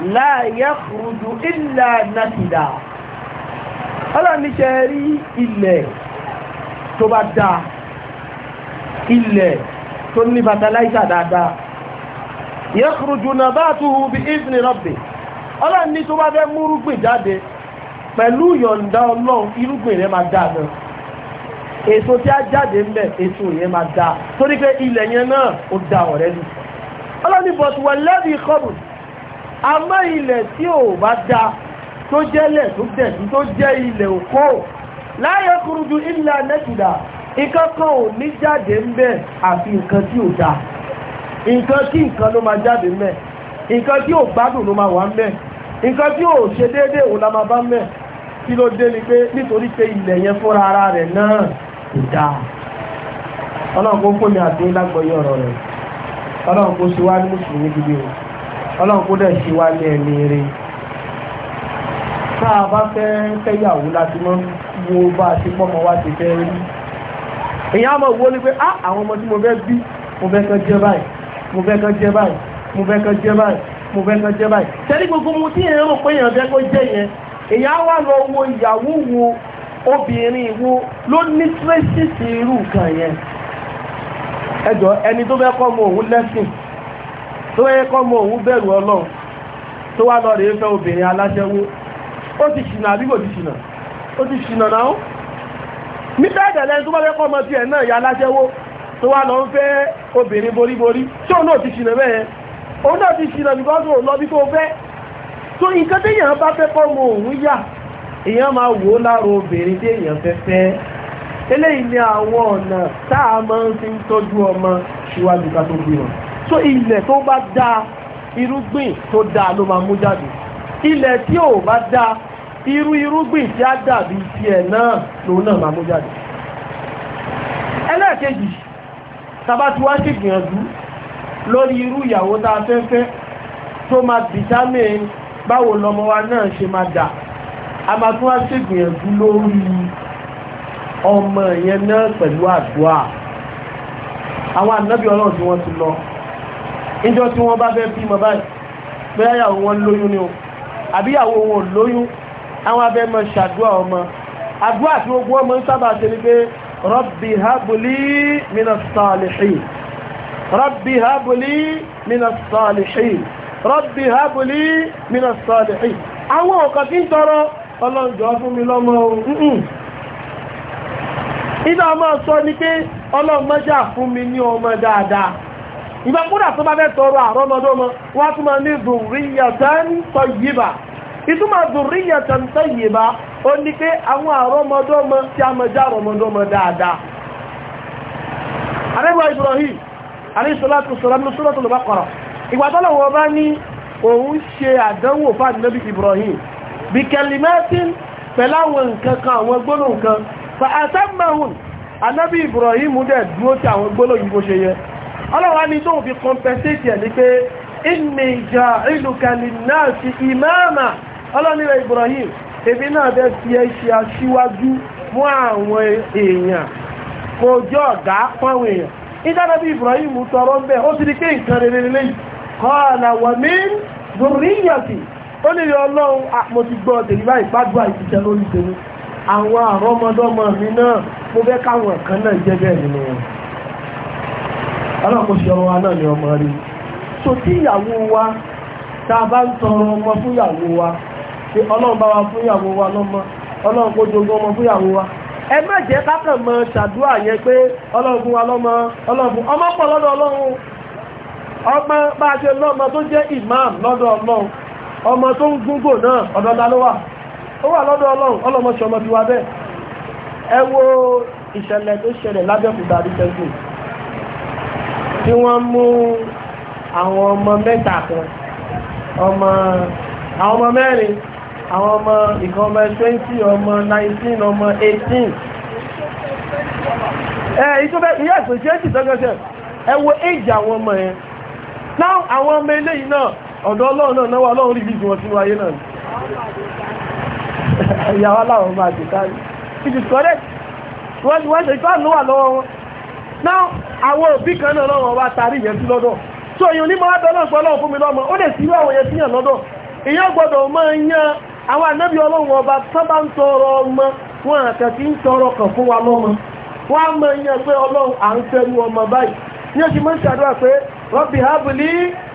لا يخرج إلا نكدا ألا نشاري إلا تبدا إلا تني فتليس دادا يخرج نباته بإذن ربي. ألا نتبدا مرقب جاده pẹ̀lú yọ̀ǹda ọlọ́run irúgbìn rẹ̀ máa dáadáa èso tí a jáde ń bẹ̀ èso yẹn máa da torí pé ilẹ̀ yẹn náà ó da ọ̀rẹ́ lù ọlọ́ni bọ̀t wà lẹ́bi kọ́bù àmọ́ ilẹ̀ tí ò bá da tó jẹ́lẹ̀ tó dẹ̀dú tó jẹ́ ilẹ̀ òkó láyé kúrúdú ilẹ̀ nẹ́kìdà ìkankan ò ní jáde ń bẹ̀ àfi nǹkan tí ò da nǹkan tí nǹkan ló máa jáde ń bẹ̀ nǹkan tí ò gbádùn ló máa wà ń bẹ̀ nǹkan tí ò ṣe déédéé òun la máa bá ń bẹ̀ kí ló dé ni pé nítorí pé ilẹ̀ yẹn fúnra ara rẹ̀ náà kò dáa ọlọ́run kó fún mi àti lágbọ̀ọ́yé ọ̀rọ̀ rẹ̀ ọlọ́run kó ṣe wá ní mùsùlùmí gidi o ọlọ́run kó dẹ̀ ṣe wá ní ẹni rẹ̀ tá a bá fẹ́ fẹ́yàwó láti mọ́ wo bá a ṣe pọ́mọ wá ti fẹ́ rí èèyàn mọ̀ wo ni pé á àwọn ọmọ tí mo fẹ́ bí mo fẹ́ kan jẹ́ báyìí mo fẹ́ kan jẹ́ báyìí mo fẹ́ kan jẹ́ báyìí mo fẹ́ kan jẹ́ báyìí tẹ́lí gbogbo mo tí èèyàn rò pé èèyàn fẹ́ kó jẹ́ yẹn èèyàn wá lọ wo ìyàwó wo obìnrin ìwo ló ní tírẹ́sìtì irú nǹkan yẹn ẹjọ́ ẹni tó fẹ́ kọ́ mọ òun lẹ́sìn tó fẹ́ kọ́ mọ òun bẹ̀rù ọlọ́run tó wá lọ rèé fẹ́ obìnrin aláṣẹ́wó ó ti ṣìnà àbí kò ti ṣìnà ó ti ṣìnà náà ó mítà ìdẹ̀lẹ́ tó bá fẹ́ kọ́ ọmọ tiẹ̀ náà ya aláṣẹ́wó tó wá lọ ń fẹ́ obìnrin boríborí tí òun náà ti ṣìnà bẹ́ẹ̀ òun náà ti ṣìnà bíkọ́ tó lọ bí tó fẹ́ tó nǹkan téèyàn bá fẹ́ kọ́ mọ òun yà èèyàn máa wò ó obìnrin tí èèyàn fẹ́ fẹ́ eléyìí ni àwọn ọ̀nà tá a máa ń fi ń tọ́jú ọmọ síwájú ká tó bí so ilẹ̀ tó bá dáa irúgbìn tó dáa ló máa mú jáde ilẹ̀ tí ò bá dáa irú irúgbìn tí á dàbí tiẹ̀ náà lòun náà máa mú jáde ẹlẹ́ẹ̀kejì tàbá ti wá sí gbìyànjú lórí irú ìyàwó tá a fẹ́ tó máa dìtámẹ́ báwo lọmọ wa náà ṣe máa dà a máa tún wá ṣègbìyànjú lórí ọmọ yẹn náà pẹ̀lú àdúrà àwọn ànábì ọlọ́run tí wọ́n ti lọ níjọ́ tí wọ́n bá fẹ́ bí mọ báyìí bóyá ìyàwó wọn lóyún ni o àbí ìyàwó wọn ò lóyún àwọn abẹ́ mọ ṣàdúrà ọmọ àdúrà tí gbogbo ọmọ ń sábà ṣe ni pé rọ́bì hábùlí mìíràn sàlìṣì rọ́bì hábùlí mìíràn sàlìṣì rọ́bì hábùlí mìíràn sàlìṣì àwọn ọ̀kan tí ń tọrọ ọlọ́njọ́ fún mi lọ́mọ ohun iná ọmọ sọ ní pé ọlọ́mọjà fún mi ní ọmọ dáadáa ìgbà kúrò tó bá fẹ́ tọrọ àrọ́mọdọ́mọ wá tún máa ní zurriyatan tayyiba ìtumọ̀ zurriyatan tayyiba ó ní pé àwọn àrọ́mọdọ́mọ tí a mọ̀ já Ibrahim aléṣọ́látù sọ́lámù suratul Baqara ìgbàtọ́lọ̀wọ̀ bá ní òun ṣe àdánwò fáàdínlẹ́bí Ibrahim bí kẹlìmẹ́tín pẹ̀láwọn nǹkan kan àwọn gbóló nǹkan fa àtẹ́mẹ̀hùn anábì Ibrahim dẹ̀ dúró tí àwọn gbóló yìí bó ṣe yẹ ọlọ́wà ní tó fi compensate ẹ̀ ní pé inni ja'iluka linnasi imama ọlọ́nirẹ̀ Ibrahim ebi náà bẹ́ fi ẹ́ ṣe aṣíwájú ó nílé ọlọ́run mo ti gbọ́ tèmi báyìí gbádùn àìsíṣẹ́ lórí tèmi àwọn àrọ́mọdọ́mọ mi náà mo fẹ́ káwọn kan náà jẹ́ ọmọ wa náà ni ọmọ rí so tí ìyàwó wa a bá ń tọrọ ọmọ fún wa ṣàdúrà pé ọmọ pọ̀ lọ́dọ̀ ọlọ́run bá ṣe lọ́mọ tó jẹ́ imam lọ́dọ̀ ọlọ́run ọmọ tó ń gúngò náà ọ̀dọ́lá ló wà ó wà lọ́dọ̀ ọlọ́run ọlọ́mọṣẹ́ ọmọ ti wá bẹ́ẹ̀ ẹ wo ìṣẹ̀lẹ̀ tó ṣẹlẹ̀ lábẹ́òkúta àdìsẹ́gùn tí wọ́n mú àwọn ọmọ mẹ́ta kan àwọn ọmọ mẹ́rin àwọn ọmọ ìkan ọmọ twenty ọmọ nineteen ọmọ eighteen ẹ ìtúbẹ̀ ìyá ìpèsè ẹ̀sìn ẹ wo éèjì àwọn ọmọ yẹn náà àwọn ọmọ eléyìí náà ọ̀dọ̀ ọlọ́run náà náwó ọlọ́run rí bíjì wọn sínú ayé náà ìyàwó aláwọ̀ máa jù káàrí it is correct wọ́n wọ́n ṣe ìfẹ́ àlúwà lọ́wọ́ wọn náà àwọn òbí kan náà lọ́wọ́ wa so èyàn ní máa fún mi lọ́mọ ó lè sí irú àwọn yẹn lọ́dọ̀ èyàn gbọ́dọ̀ ọba bá ń tọrọ ọmọ wọn ń tọrọ fún wa lọ́mọ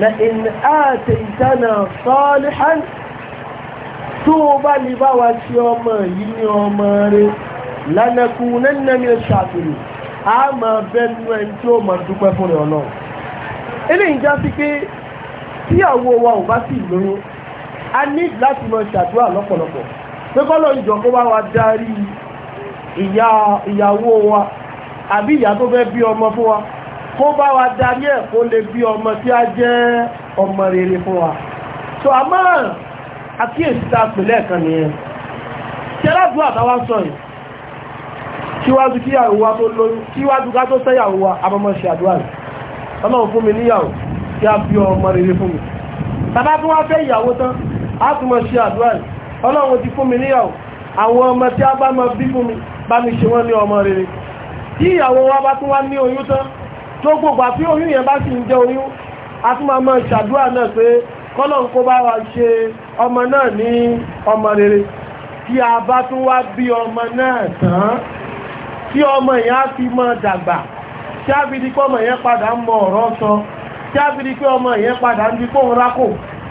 لئن آتيتنا صالحا tó o bá lè bá wa ṣe ọmọ yìí ní ọmọ rẹ lánàkú nẹ́nà mi ṣàtìrì a máa bẹ́nu ẹni tí ó máa dúpẹ́ fún rẹ ọ̀nà eléyìí já sí pé tíyàwó wa ò bá sì lóyún a ní láti máa ṣàdúrà lọ́pọ̀lọpọ̀ pé kọ́lọ́ ìjọ kó bá wa darí ìyàwó wa àbí ìyá tó fẹ́ bí ọmọ fún wa kó bá wa darí ẹ̀ kó lè bí ọmọ tí a jẹ́ ọmọ rere fún wa so a máa àkíyèsí ta pẹ̀lẹ́ kan nìyẹn tí aládùn àtàwà sọ yìí kí ìyàwó wa tó lóyún síwájú ká tó sẹ́yàwó wa abọ́mọ́ ṣe àdúrà rẹ̀ ọlọ́run fún mi níyàwó tí a bí ọmọ rere fún mi tàbá tún wá fẹ́ ìyàwó tán a tún mọ̀ ṣe àdúrà rẹ̀ ọlọ́run ti fún mi níyàwó àwọn ọmọ tí a bá mọ bí fún mi bá mi ṣe wọ́n ní ọmọ rere tí ìyàwó wa bá tún wá ní oyún tán tó gbogbo àfi oyún yẹn bá sì ń jẹ oyún a tún máa máa ṣàdúrà náà pé kọ́lọ̀ ń kó bá wa ṣe ọmọ náà ní ọmọ rere tí a bá tún wá bí ọmọ náà tán tí ọmọ yẹn á fi mọ dàgbà tí a fi di pé ọmọ yẹn padà ń mọ ọ̀rọ̀ sọ tí a fi di pé ọmọ yẹn padà ń di kóhun rákò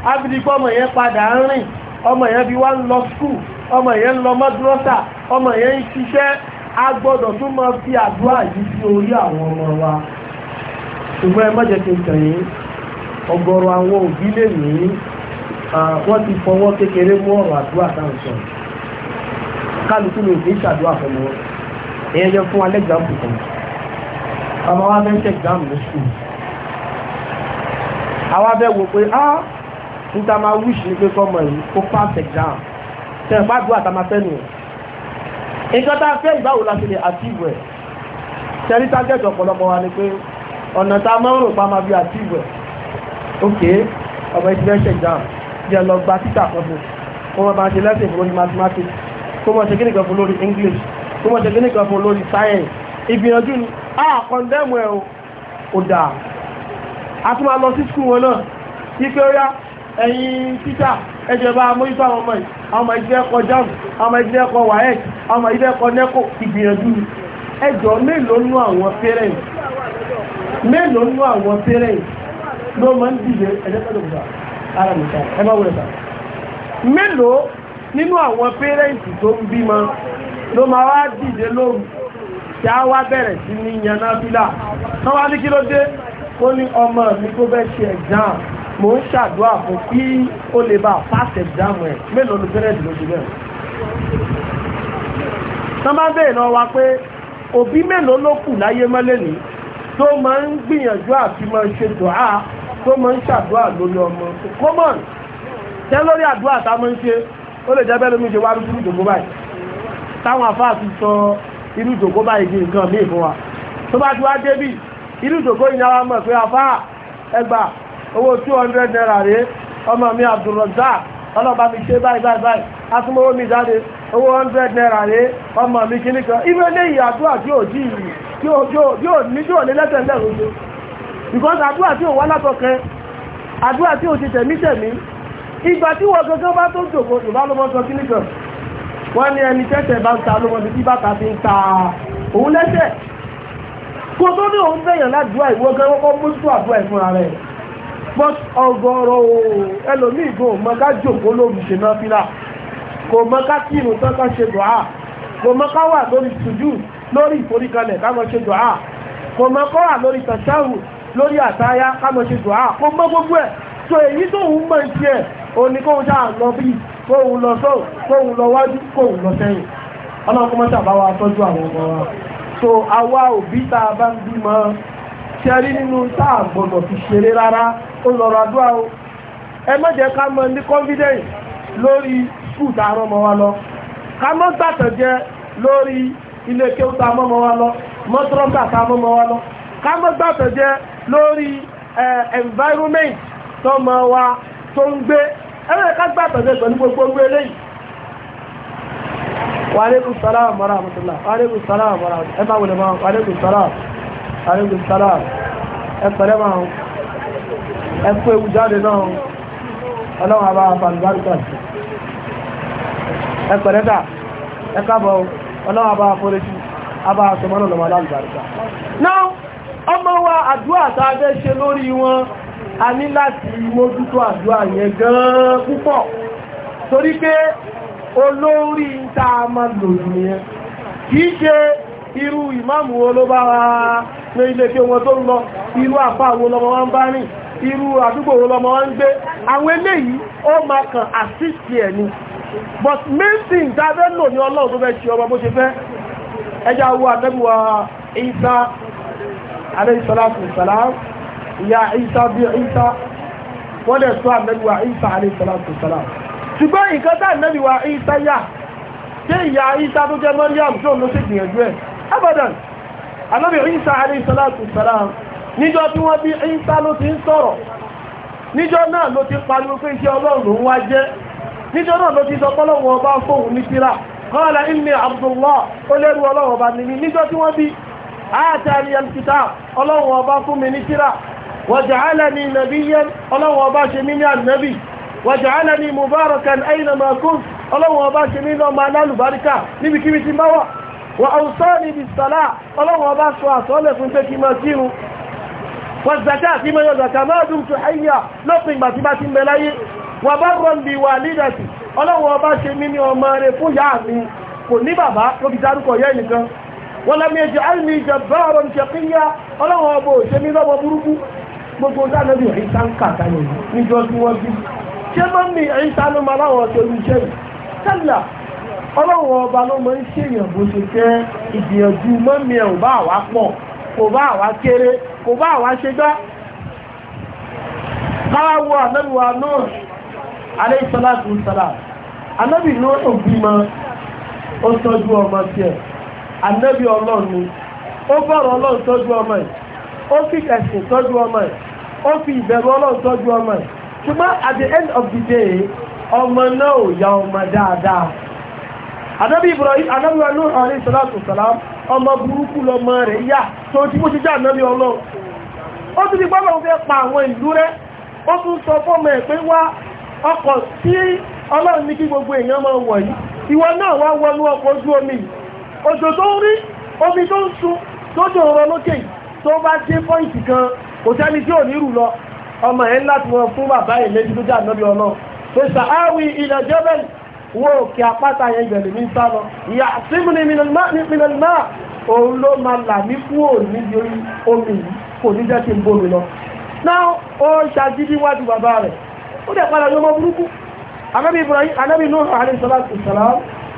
a fi di pé ọmọ yẹn padà ń rìn ọmọ yẹn fi wá ń lọ skul ọmọ yẹn ń lọ mọ́dúrọ́sà ọmọ yẹn ń ṣiṣẹ́ a gbọ́dọ̀ tún máa fi àdúrà yìí sí orí àwọn ọmọ wa ṣùgbọ́n ẹ mọ́jẹ̀ kí n tàn yín ọ̀gọ̀rọ̀ àwọn òbí lè ní wọ́n ti fọwọ́ kékeré mú ọ̀rọ̀ àdúrà táwọn sọ kálukú ló fi ń ṣàdúrà fún wọn ìyẹn jẹ́ fún alẹ́gbàmù kan ọmọ wa fẹ́ ń ṣẹ̀gbàmù ní sùn àwa fẹ́ wò pé á ń ta máa wíṣì ní pé kọ́mọ yìí kó pass exam tẹ̀ ń bá àdúrà tá máa fẹ́ nù nǹkan tá a fẹ́ ìbáwò la ṣe lè àtìwẹ̀ tẹ̀rí tágẹ́tì ọ̀nà tá a máa ń rò pa máa bí àtìwù ẹ̀ ok ọmọ ìṣẹ́ ṣe ìdáhùn jẹ́ lọ gba títà kan fún kó wọ́n bá ṣe lẹ́sìn fún lórí mathematics kó wọ́n ṣe kíní kan fún lórí English kó wọ́n ṣe kíní kan fún lórí science ìgbìyànjú ni a kọ̀ndẹ́mù ẹ̀ ò dà a tún máa lọ sí skul wọn náà ife ó yá ẹ̀yin títà ẹjọba amójútó àwọn ọmọ yìí àwọn ọmọ ìdílé ẹ̀kọ́ jam àwọn ọmọ ìdílé ẹ̀kọ́ waec àwọn ọmọ ìdílé ẹ̀kọ́ neco ìgbìyànjú ẹjọ mélòó nú àwọn mélòó nú àwọn péré ló máa ń dìde ẹ̀dẹ́gbẹ̀dọ̀gbà ara nìkan ẹ bá wọlé ta mélòó nínú àwọn péré a wá bẹ̀rẹ̀ sí ní yanábílà wọ́n wá ní kí ló dé ó ní ọmọ mi tó fẹ́ ṣe exam mo ń ṣàdúrà fún kí ó lè bá pass exam ẹ̀ mélòó ló fẹ́rẹ̀ dì lójú bẹ́ẹ̀. tán bá bẹ̀rẹ̀ lọ wa pé òbí mélòó ló kù láyé tó máa ń gbìyànjú àti máa ṣe dùá tó máa ń ṣàdúà lórí ọmọ common tẹ́ lórí àdúà tá máa ń ṣe ó lè jẹ́ bẹ́ẹ̀ lómi ṣe wá rúdú ìdògbò báyìí táwọn afáà ti sọ irú ìdògbò báyìí di nǹkan míì fún wa tó bá ti wá débì irú ìdògbò yìí náà mọ̀ pé afáà ẹgbà owó two hundred naira rèé ọmọ mi Abdulrazak ọlọ́ba mi ṣe báyìí báyìí báyìí asúnmọ́wọ́ mi jáde owó hundred naira rèé ọmọ mi kìíní kan ibi eléyìí àdúrà tí ò jí yìí tí ò ní tí ò ní lẹ́sẹ̀ lẹ́rùn ṣe because àdúrà tí ò wá látọkẹ àdúrà tí ò ti tẹ̀mí tẹ̀mí ìgbà tí wọ́n gangan bá tó jòkó ìbá ló mọ́ sọ kìíní kan wọ́n ní ẹni tẹ́tẹ̀ bá ń ta ló mọ́ sí bàtà fi ń ta òun lẹ́sẹ̀ kò tó ní òun fẹ̀yàn ládùúrà but ọgọ́rọ̀ ẹlòmí ìgbọ̀n mọ́ ká jòkó lórí ṣe náà fílà kò mọ́ ká kírun tán ká ṣe dùá kò mọ́ ká wà lórí sùjú lórí ìforíkalẹ̀ ká mọ́ ṣe dùá kò mọ́ kọ́ wà lórí tàṣáwù lórí àtáyá ká mọ́ ṣe dùá kò mọ́ gbogbo ẹ̀ tó èyí tó ń mọ̀ sí ẹ̀ òní kóhun sáà lọ bí kóhun lọ sọ́ọ̀ kóhun lọ wájú kóhun lọ sẹ́yìn ọlọ́run kọ́mọ́sà bá wa tọ́jú àwọn ọmọ wa so àwa òbí tá a bá ń bímọ ṣẹ́rí nínú táà gbọ́dọ̀ fi ṣeré rárá ó lọ́rọ̀ àdúrà o ẹ má ká mọ ní confidence lórí skul tá a rán ọmọ wa lọ ká mọ́ gbàtọ̀jẹ lórí ilé kéwù tá a mọ́ ọmọ wa lọ mọ́tọ́rọ́kà tá a mọ́ ọmọ wa lọ ká mọ́ gbàtọ̀jẹ lórí environment tọ́mọ wa tó ń gbé ẹ má jẹ́ ká gbàtọ̀jẹ pẹ̀lú gbogbo gbé eléyìí wàlékùn sàlámù mọ́ra àmọ́tòlá wàlékùn sàlámù mọ́ra àmọ́tòlá ẹ má wọlé mọ́ wàlékùn sàlámù àríwí sára ẹ̀pẹ̀rẹ̀ máa ń ẹ̀kọ́ ewu jáde náà ọlọ́run àbá àfàlùbáríkà sí ẹ̀pẹ̀rẹ̀ dà ẹ̀kábọ̀ ọlọ́run àbá àforíjì àbá àsọmọ́nà lọ́mọ aláàlùbáríkà náà ọmọ wa àdúrà tàbẹ́ ṣe lórí wọn a ní láti mójútó àdúrà yẹn gan púpọ̀ torí pé olórí tá a máa lò nìyẹn kìí ṣe irú ìmáàmù olóbára ní ilé kí wọn tó ń lọ irú àfá wo lọmọ wọn bá rìn irú àdúgbò wo lọmọ wọn ń gbé àwọn eléyìí ó máa kàn àṣìṣì ẹ̀ ni but main thing tá a fẹ́ lò ní ọlọ́run tó fẹ́ ṣe ọmọ bó ṣe fẹ́ ẹjá wo àtẹ́bùwà ìsá aléìsọ́láàtù ìsàlám ìyá ìsá bí ìsá wọ́n lè sọ àtẹ́bùwà ìsá aléìsọ́láàtù ìsàlám ṣùgbọ́n nǹkan tá anábì Ìsá alayhi salatu salam níjọ́ tí wọ́n bí Ìsá ló ti ń sọ̀rọ̀ níjọ́ náà ló ti pariwo pé iṣẹ́ ọlọ́run ló ń wá jẹ́ níjọ́ náà ló ti sọ pọ́lọ́wọ́ ọba fóun ní síra qala inni Abdullah ó lẹ́rú ọlọ́run ọba nìyí níjọ́ tí wọ́n bí àtàrí al-kitab ọlọ́run ọba fún mi ní síra wa wọ́n àwùsọ́ níbi sọ́lá ọlọ́wọ́ bá sọ àsọ́lẹ̀ fún pé kí mọ́ sírun wọ́n zàká kí mọ́ yọ zàká máa dùn tó hayà lọ́pìn ìgbà tí bá ti mẹ́ láyé wà bá rọ̀ bí wà lídàtì ọlọ́wọ́ bá ṣe mí ní ọmọ rẹ̀ fún yá mi kò ní bàbá tó fi dárúkọ yẹ́ nìkan ọlọ́run ọba ló mọ ń ṣèyàn bó ṣe fẹ́ ìgbìyànjú mọ́mí ẹ̀ ò bá àwa pọ̀ kò bá àwa kéré kò bá àwa ṣe gbá káwá wo ànábì wa náà alayhi salatu wassalam ànábì náà ò bímọ ó tọ́jú ọmọ tiẹ̀ ànábì ọlọ́run ni ó bọ̀rọ̀ ọlọ́run tọ́jú ọmọ ẹ̀ ó fi ẹ̀sìn tọ́jú ọmọ ẹ̀ ó fi ìbẹ̀rù ọlọ́run tọ́jú ọmọ ẹ̀ ṣùgbọ́n at the end of the day ọmọ náà ò ya ọmọ dáadáa ànábì Ibrahim ànábì wa Nuh alayhi salatu salam ọmọ burúkú lọmọ rẹ̀ yá tó tí mo ti já ànábì Ọlọ́run ó ti di gbọ́nà fẹ́ pa àwọn ìlú rẹ̀ ó tún sọ fọ́mọ ẹ̀ pé wá ọkọ̀ tí Ọlọ́run ní kí gbogbo èèyàn máa wọ̀ yìí ìwọ náà wá wọnú ọkọ̀ ojú omi òjò tó ń rí omi tó ń sun tó dùn ọ̀rọ̀ lókè tó bá dé pọ́ìntì kan kò sẹ́ni tí wọ́n òkè apáta yẹn ìbẹ̀lẹ̀ mi sá lọ ìyá símú ni mìnàlmá òun ló máa là mí kúrò níbi omi yìí kò ní jẹ́ kí n bómi lọ náà ó ṣàgídí wájú bàbá rẹ̀ ó dẹ̀ padà yọmọ burúkú anábì Ibrahim anábì Nuh alayhi salatu salam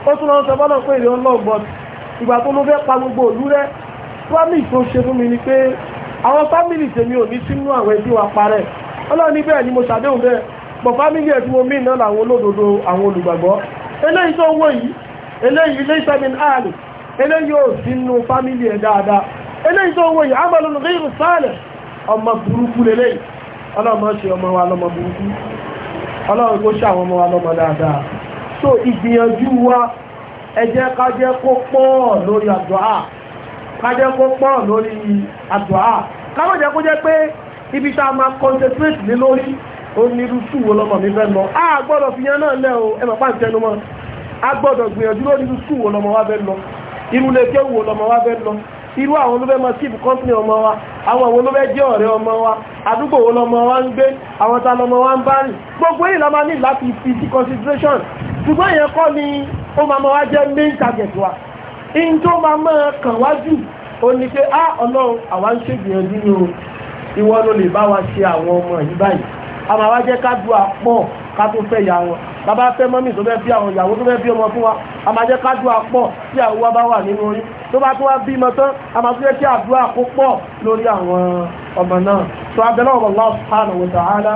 ó tún lọ́n sọ bọ́lọ̀ pé ìrẹ́ ọlọ́gbọ́n ìgbà tó ló fẹ́ pa gbogbo òlú rẹ̀ promise tó ṣe fún mi ni pé àwọn fámìlì tèmi ò ní sínú àwọn ẹbí wa parẹ́ ọlọ́run bẹ́ẹ̀ ni mo ṣàdéhùn bẹ́ẹ̀ pọ̀ fámílì ẹ̀tí wọn mìíràn làwọn olódodo àwọn olùgbàgbọ́ eléyìí tó wó yìí eléyìí laysa min ahli eléyìí ò sínú fámílì ẹ̀ dáadáa eléyìí tó wó yìí amalun ghayru salih ọmọ burúkú lélẹ́yìí ọlọ́mọ ṣe ọmọ wa lọ́mọ ọmọ so ìgbìyànjú wa ẹ jẹ́ ká jẹ́ lori a ó nírú skúwò lọ́mọ mi fẹ́ lọ a gbọ́dọ̀ fi yẹn náà lẹ́ o ẹmọ̀ pàǹ tẹnu mọ́ a gbọ́dọ̀ gbìyànjú ló nírú skúwò lọ́mọ wa fẹ́ lọ irú lẹ́kẹ́ wò lọ́mọ wa fẹ́ lọ irú àwọn olóbẹ́ mọ́ sífù kọ́mpìnì ọmọ wa àwọn àwọn olóbẹ́ jẹ́ ọ̀rẹ́ ọmọ wa àdúgbò wo lọ́mọ wa ń gbé àwọn ta lọ́mọ wa ń bá rìn gbogbo èyí la máa ní láti fi sí consideration ṣùgbọ́n ìyẹn kọ́ ni ó máa máa wá jẹ́ main target wa in tó máa máa kàn wá jù ó ní pé á ah, ọlọ́run àwa ń ṣègbìyànjú ni o ìwọ ló lè bá wa ṣe àwọn ọmọ yìí báyìí a máa wá jẹ́ ká dùn àpọ̀ ká tó fẹ́ ìyá wọn bàbá fẹ́ mọ́mì tó fẹ́ bí àwọn ìyàwó tó fẹ́ bí ọmọ fún wa a máa jẹ́ ká dùn àpọ̀ tí àwọn wa bá wà nínú oyún tó bá tún wá bímọ tán a máa tún jẹ́ kí àdúrà kó pọ̀ lórí àwọn ọmọ náà tó abẹ́lẹ́ ọ̀rọ̀ Allah subhanahu wa ta'ala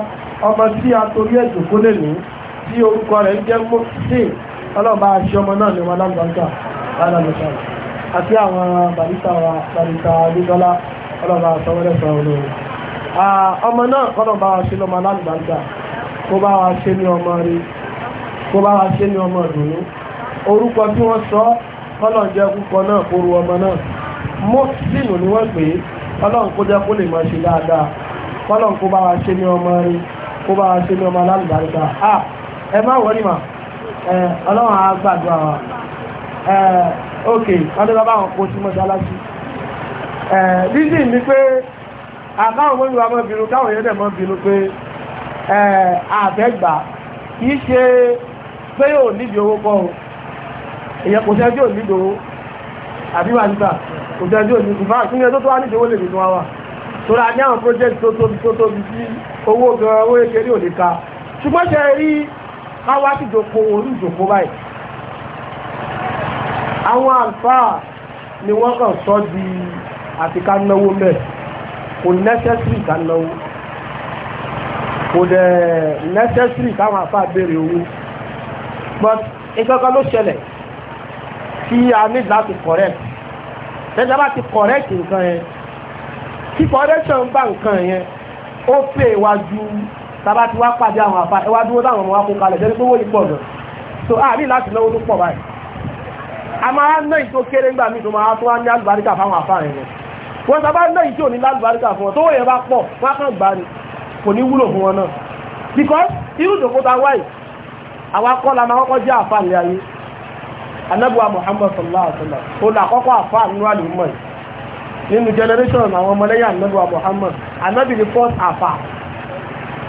ọmọ tí a torí ẹ̀sùn kó lè ní tí orúkọ rẹ̀ jẹ́ mọ́tì ọlọ́ọ̀bá aṣọ Ah, ọmọ náà kọ́nà bá wa ṣe lọ́mọ alágbàgbà kó bá wa ṣe ní ọmọ rí kó bá wa ṣe ní ọmọ ìdùnnú orúkọ tí wọ́n sọ kọ́nà jẹ́ púpọ̀ náà kóru ọmọ náà mọ́sílù ni wọ́n pè é ọlọ́run kó jẹ́ kó lè máa ṣe dáadáa kọ́nà kó bá wa ṣe ní ọmọ rí kó bá wa ṣe ní ọmọ alágbàgbà à ah, ẹ má wọ́n ní ọlọ́run á gbàdúrà wa ok wọ́n ní bá bá àwọn kó sí mọ́ṣáláṣí ẹ̀ àkáwọn mọ́bí wa mọ́ bínú káwọn yẹn dẹ̀ mọ́ bínú pé àbẹ́gbà kì í ṣe pé yóò nídìí owó kọ́ o èyàn kò sẹ́jú ò nídìí owó àbí wà nígbà kò sẹ́jú ò nídìí bá àtúnyẹ tó tó wá nídìí owó lè nínú wa wà torí a ní àwọn project tó tóbi tó tóbi sí owó gan owó kékeré ò lè ka ṣùgbọ́n ṣe rí káwá ti jòkó orí ìjòkó báyìí àwọn àlùfáà ni wọ́n kàn sọ di àti ká náwó mẹ́rin kò nẹ́sẹ̀sìrì ká náwó kò dẹ̀ nẹ́sẹ̀sìrì káwọn afá béèrè owó but ìkankan ló ṣẹlẹ̀ tí a ní láti correct tẹ́jà bá ti correct nǹkan yẹn tí correction bá nǹkan yẹn ó pè wá ju tàbá ti wá pàdé àwọn afá ẹwà dúró táwọn ọmọ wa kó kalẹ̀ jẹ́ pé wọ́n yí pọ̀ gan so a ní láti náwó tó pọ̀ báyìí a máa ń ná ìtó kéré ńgbà míì tó máa tó wá ní àlùbáríkà fáwọn afá yẹn wọ́n sábà ń lẹ́yìn tí ò ní lálùbáríkà fún wọn tó yẹ bá pọ̀ wọ́n á kàn gbà ní kò ní wúlò fún wọn náà because irú ìdòkó ta wáyì àwọn akọ́lá máa kọ́kọ́ jẹ́ àfà ní ayé anábùwà Muhammad sallallahu alaihi wasallam ó là kọ́kọ́ àfà nínú àlùmọ́ yìí nínú generation àwọn ọmọlẹ́yìn anábùwà Muhammad anábì ní first àfà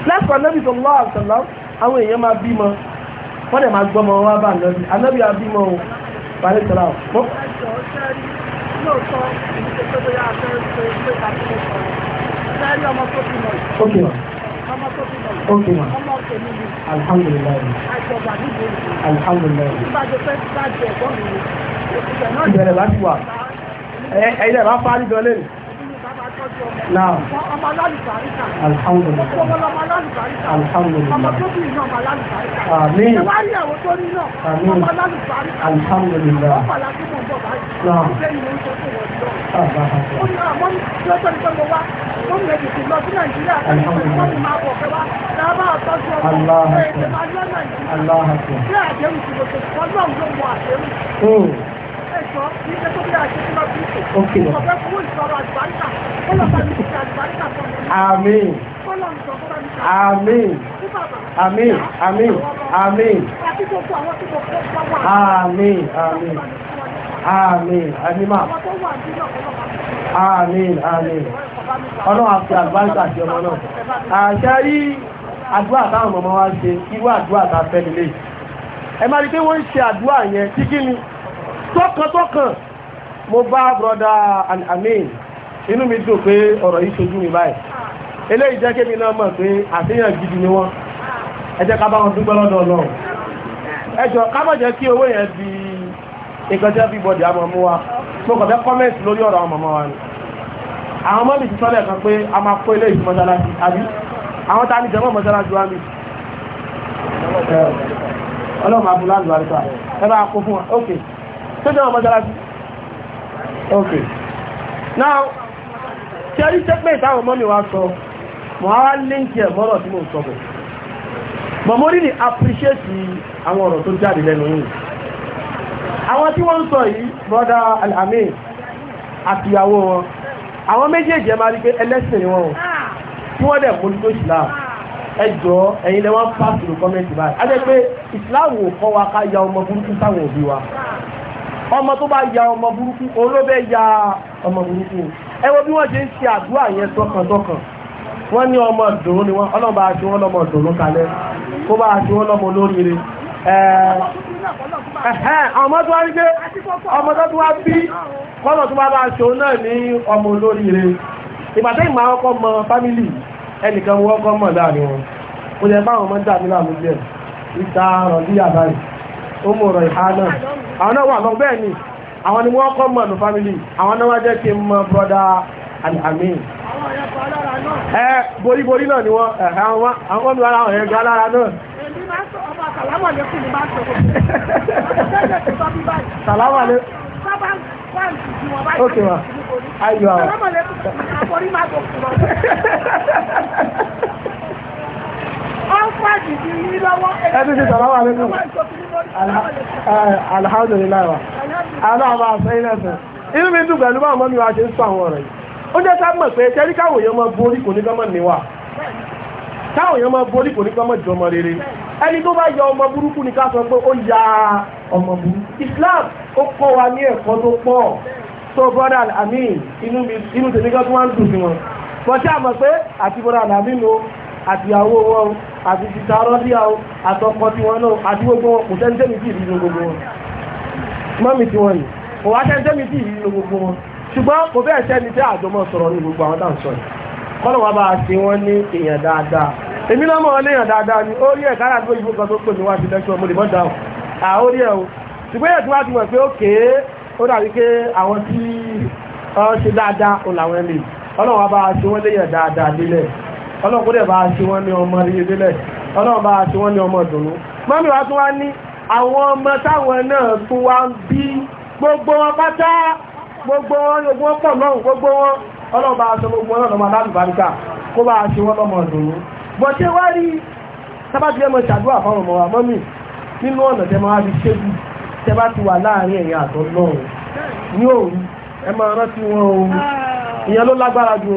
lẹ́kọ̀ọ́ anábì sallallahu alaihi wasallam àwọn èèyàn máa bímọ wọ́n dẹ̀ máa gbọ́mọ wọn bá anábì anábì á bímọ o parí ìtọ́lá ọ̀. ok ma ok ma alhamdulilayi alhamdulilayi ìbẹ̀rẹ̀ láti wà ẹ̀yẹ́ bá parí gan lẹ́nu. Náà. Ọmọ alálùbáríkà. Alhamdulillah. Ọmọ ọmọ alálùbáríkà. Alhamdulillah. Ọmọ tó bí iná ọmọ alálùbáríkà. Àmín. Ṣé Àmín. Àmín. Àmín. Àmín. Àmín. Àmín. Àmín. Àmín. Àmímà. Àmín. Àmín. Ọlọ́run àti àgbáńkà àti ọmọ náà. Àṣẹ rí àdúrà táwọn ọmọ wa ṣe irú àdúrà tá a fẹ́ nílé. Ẹ máa rí pé wọ́n ń ṣe àdúrà yẹn tí kí ni? tọkàntọkàn mo bá broda alamin inú mi dùn pé ọ̀rọ̀ yìí ṣojú mi báyìí eléyìí jẹ́ kémi náà mọ̀ pé àṣeyàn gidi ni wọ́n ẹ jẹ́ ká bá wọn dúpẹ́ lọ́dọ̀ Ọlọ́run ẹ jọ di nǹkan everybody á mọ̀ mú wa mo kàn fẹ́ ni àwọn ọmọ mi ti sọ́lẹ̀ kan pé a máa kó ilé ìfún mọ́sálásí àbí àwọn tá a ní jẹ́mọ́ ọlọ́run àbúlá àlùbáríkà ẹ kó fún wa ok tó mọ́sálásí ok now tí a rí tẹ́ pé ìtàwọn mọ́mí wa sọ mọ̀ á líǹkì ẹ̀ mọ́rọ̀ tí mo sọ bọ̀ mọ̀ mo rí ni appreciate àwọn ọ̀rọ̀ tó jáde lẹ́nu yìí àwọn tí wọ́n ń sọ yìí brother alhamin àti ìyàwó wọn àwọn méjèèjì ẹ máa rí pé ẹlẹ́sìn ni wọ́n tí wọ́n dẹ̀ mú lóṣù láà ẹjọ́ ẹ̀yin lẹ́wọ́n pàṣẹ lókọ́mẹ́ntì báyìí á jẹ́ pé ìsìláàmù kọ́ wa ká ya ọmọ burúkú sáwọn òbí wa ọmọ tó bá ya ọmọ burúkú olóbẹ́ ya ọmọ burúkú ẹ wo bí wọ́n ṣe ń ṣe àdúrà yẹn tọkàntọkàn wọ́n ní ọmọ ìdòrò ni wọ́n ọlọ́ba aṣọ wọn lọ́mọ ìdòrò kalẹ̀ kó bá aṣọ wọn lọ́mọ olóríire ọmọ tó wá rí pé ọmọ tó tó wá bí kọ́nà tó bá bá aṣọ náà ní ọmọ olóríire ìgbàtẹ́ ìmọ̀ ọkọ̀ mọ fámílì kọ́ Umu Raihana àwọn náà wà lọ bẹ́ẹ̀ ni àwọn ni wọ́n kọ́ mọ̀ ní fámìlì àwọn náà wá jẹ́ kí n mọ brọ́dà Al-Amin ẹ boríborí náà ni wọ́n àwọn ọmọ mi ara ọ̀hẹ́ ga lára náà Sàlámà lẹ́kùn ni máa ń sọ̀rọ̀. Sàlámà lẹ́kùn. Sábà ń pàǹtì ju wọn báyìí. Ókè wa, ayọ̀ àwọn. Sàlámà lẹ́kùn àbọ̀rí máa bọ̀ fún wọn. Ó ń pàǹtì ju yín lọ́wọ́. Ẹ ti ṣe sàlámà lẹ́kùn. Alhamdulillah. wa aláàbà sẹ́yìnẹ̀sẹ̀ inú mi dùn pẹ̀lú báwọn mọ́mí wa ṣe ń sọ àwọn ọ̀rọ̀ yìí ó jẹ́ ká mọ̀ pé tẹ́rí káwọn èèyàn máa borí kò ní gọ́mọ̀ níwà káwọn èèyàn máa borí kò ní gọ́mọ̀ jọ ọmọ rere ẹni tó bá ya ọmọ burúkú ni ká sọ pé ó ya Islam ó kọ́ wa ní so brother amin inú tèmi kan tó wá ń dùn sí wọn bọ́sẹ̀ àmọ̀ pé àti brother àti àwọ wọn àti títà rọ́díà àtọkọ tí wọn náà àti gbogbo wọn kò sẹ́ńtẹ́mì tí ìrìnà gbogbo wọn mọ́mì tí wọ́n yìí kò wá sẹ́ńtẹ́mì tí ìrìnà gbogbo wọn ṣùgbọ́n kò bẹ́ẹ̀ sẹ́ni tí àjọmọ́ sọ̀rọ̀ ní gbogbo àwọn táwọn sọ̀rọ̀ kọ́nà wọn bá ṣe wọ́n dáadáa èmi ni ó rí ẹ̀ kára tó ìbò kan tó pè ní wá sí lẹ́kṣọ́ mo lè mọ́ dáhùn àwọn orí ẹ̀ o ṣùgbọ́n èèyàn tí wá ọlọ́kúnlẹ̀ bá ṣe wọ́n ní ọmọ ìdílẹ̀ ọlọ́run bá ṣe wọ́n ní ọmọ ìdùnnú mọ́mí wá tún wá ní àwọn ọmọ táwọn náà tún wá ń bí gbogbo wọn pátá gbogbo wọn gbogbo pọ̀ lọ́run gbogbo wọn ọlọ́run bá ṣe gbogbo ọlọ́run bá láti báríkà kó bá ṣe wọ́n lọ́mọ ìdùnnú bọ̀ ṣe wá rí sábàtìlẹ̀ mọ̀ ṣàdúrà fáwọn ọmọ wa mọ́mí nínú ọ̀nà tẹ máa fi ṣégun tẹ bá ti wà láàrin ẹ̀yà àtọ́ lọ́run ní òru ẹ máa rántí wọn o ìyẹn ló lágbára ju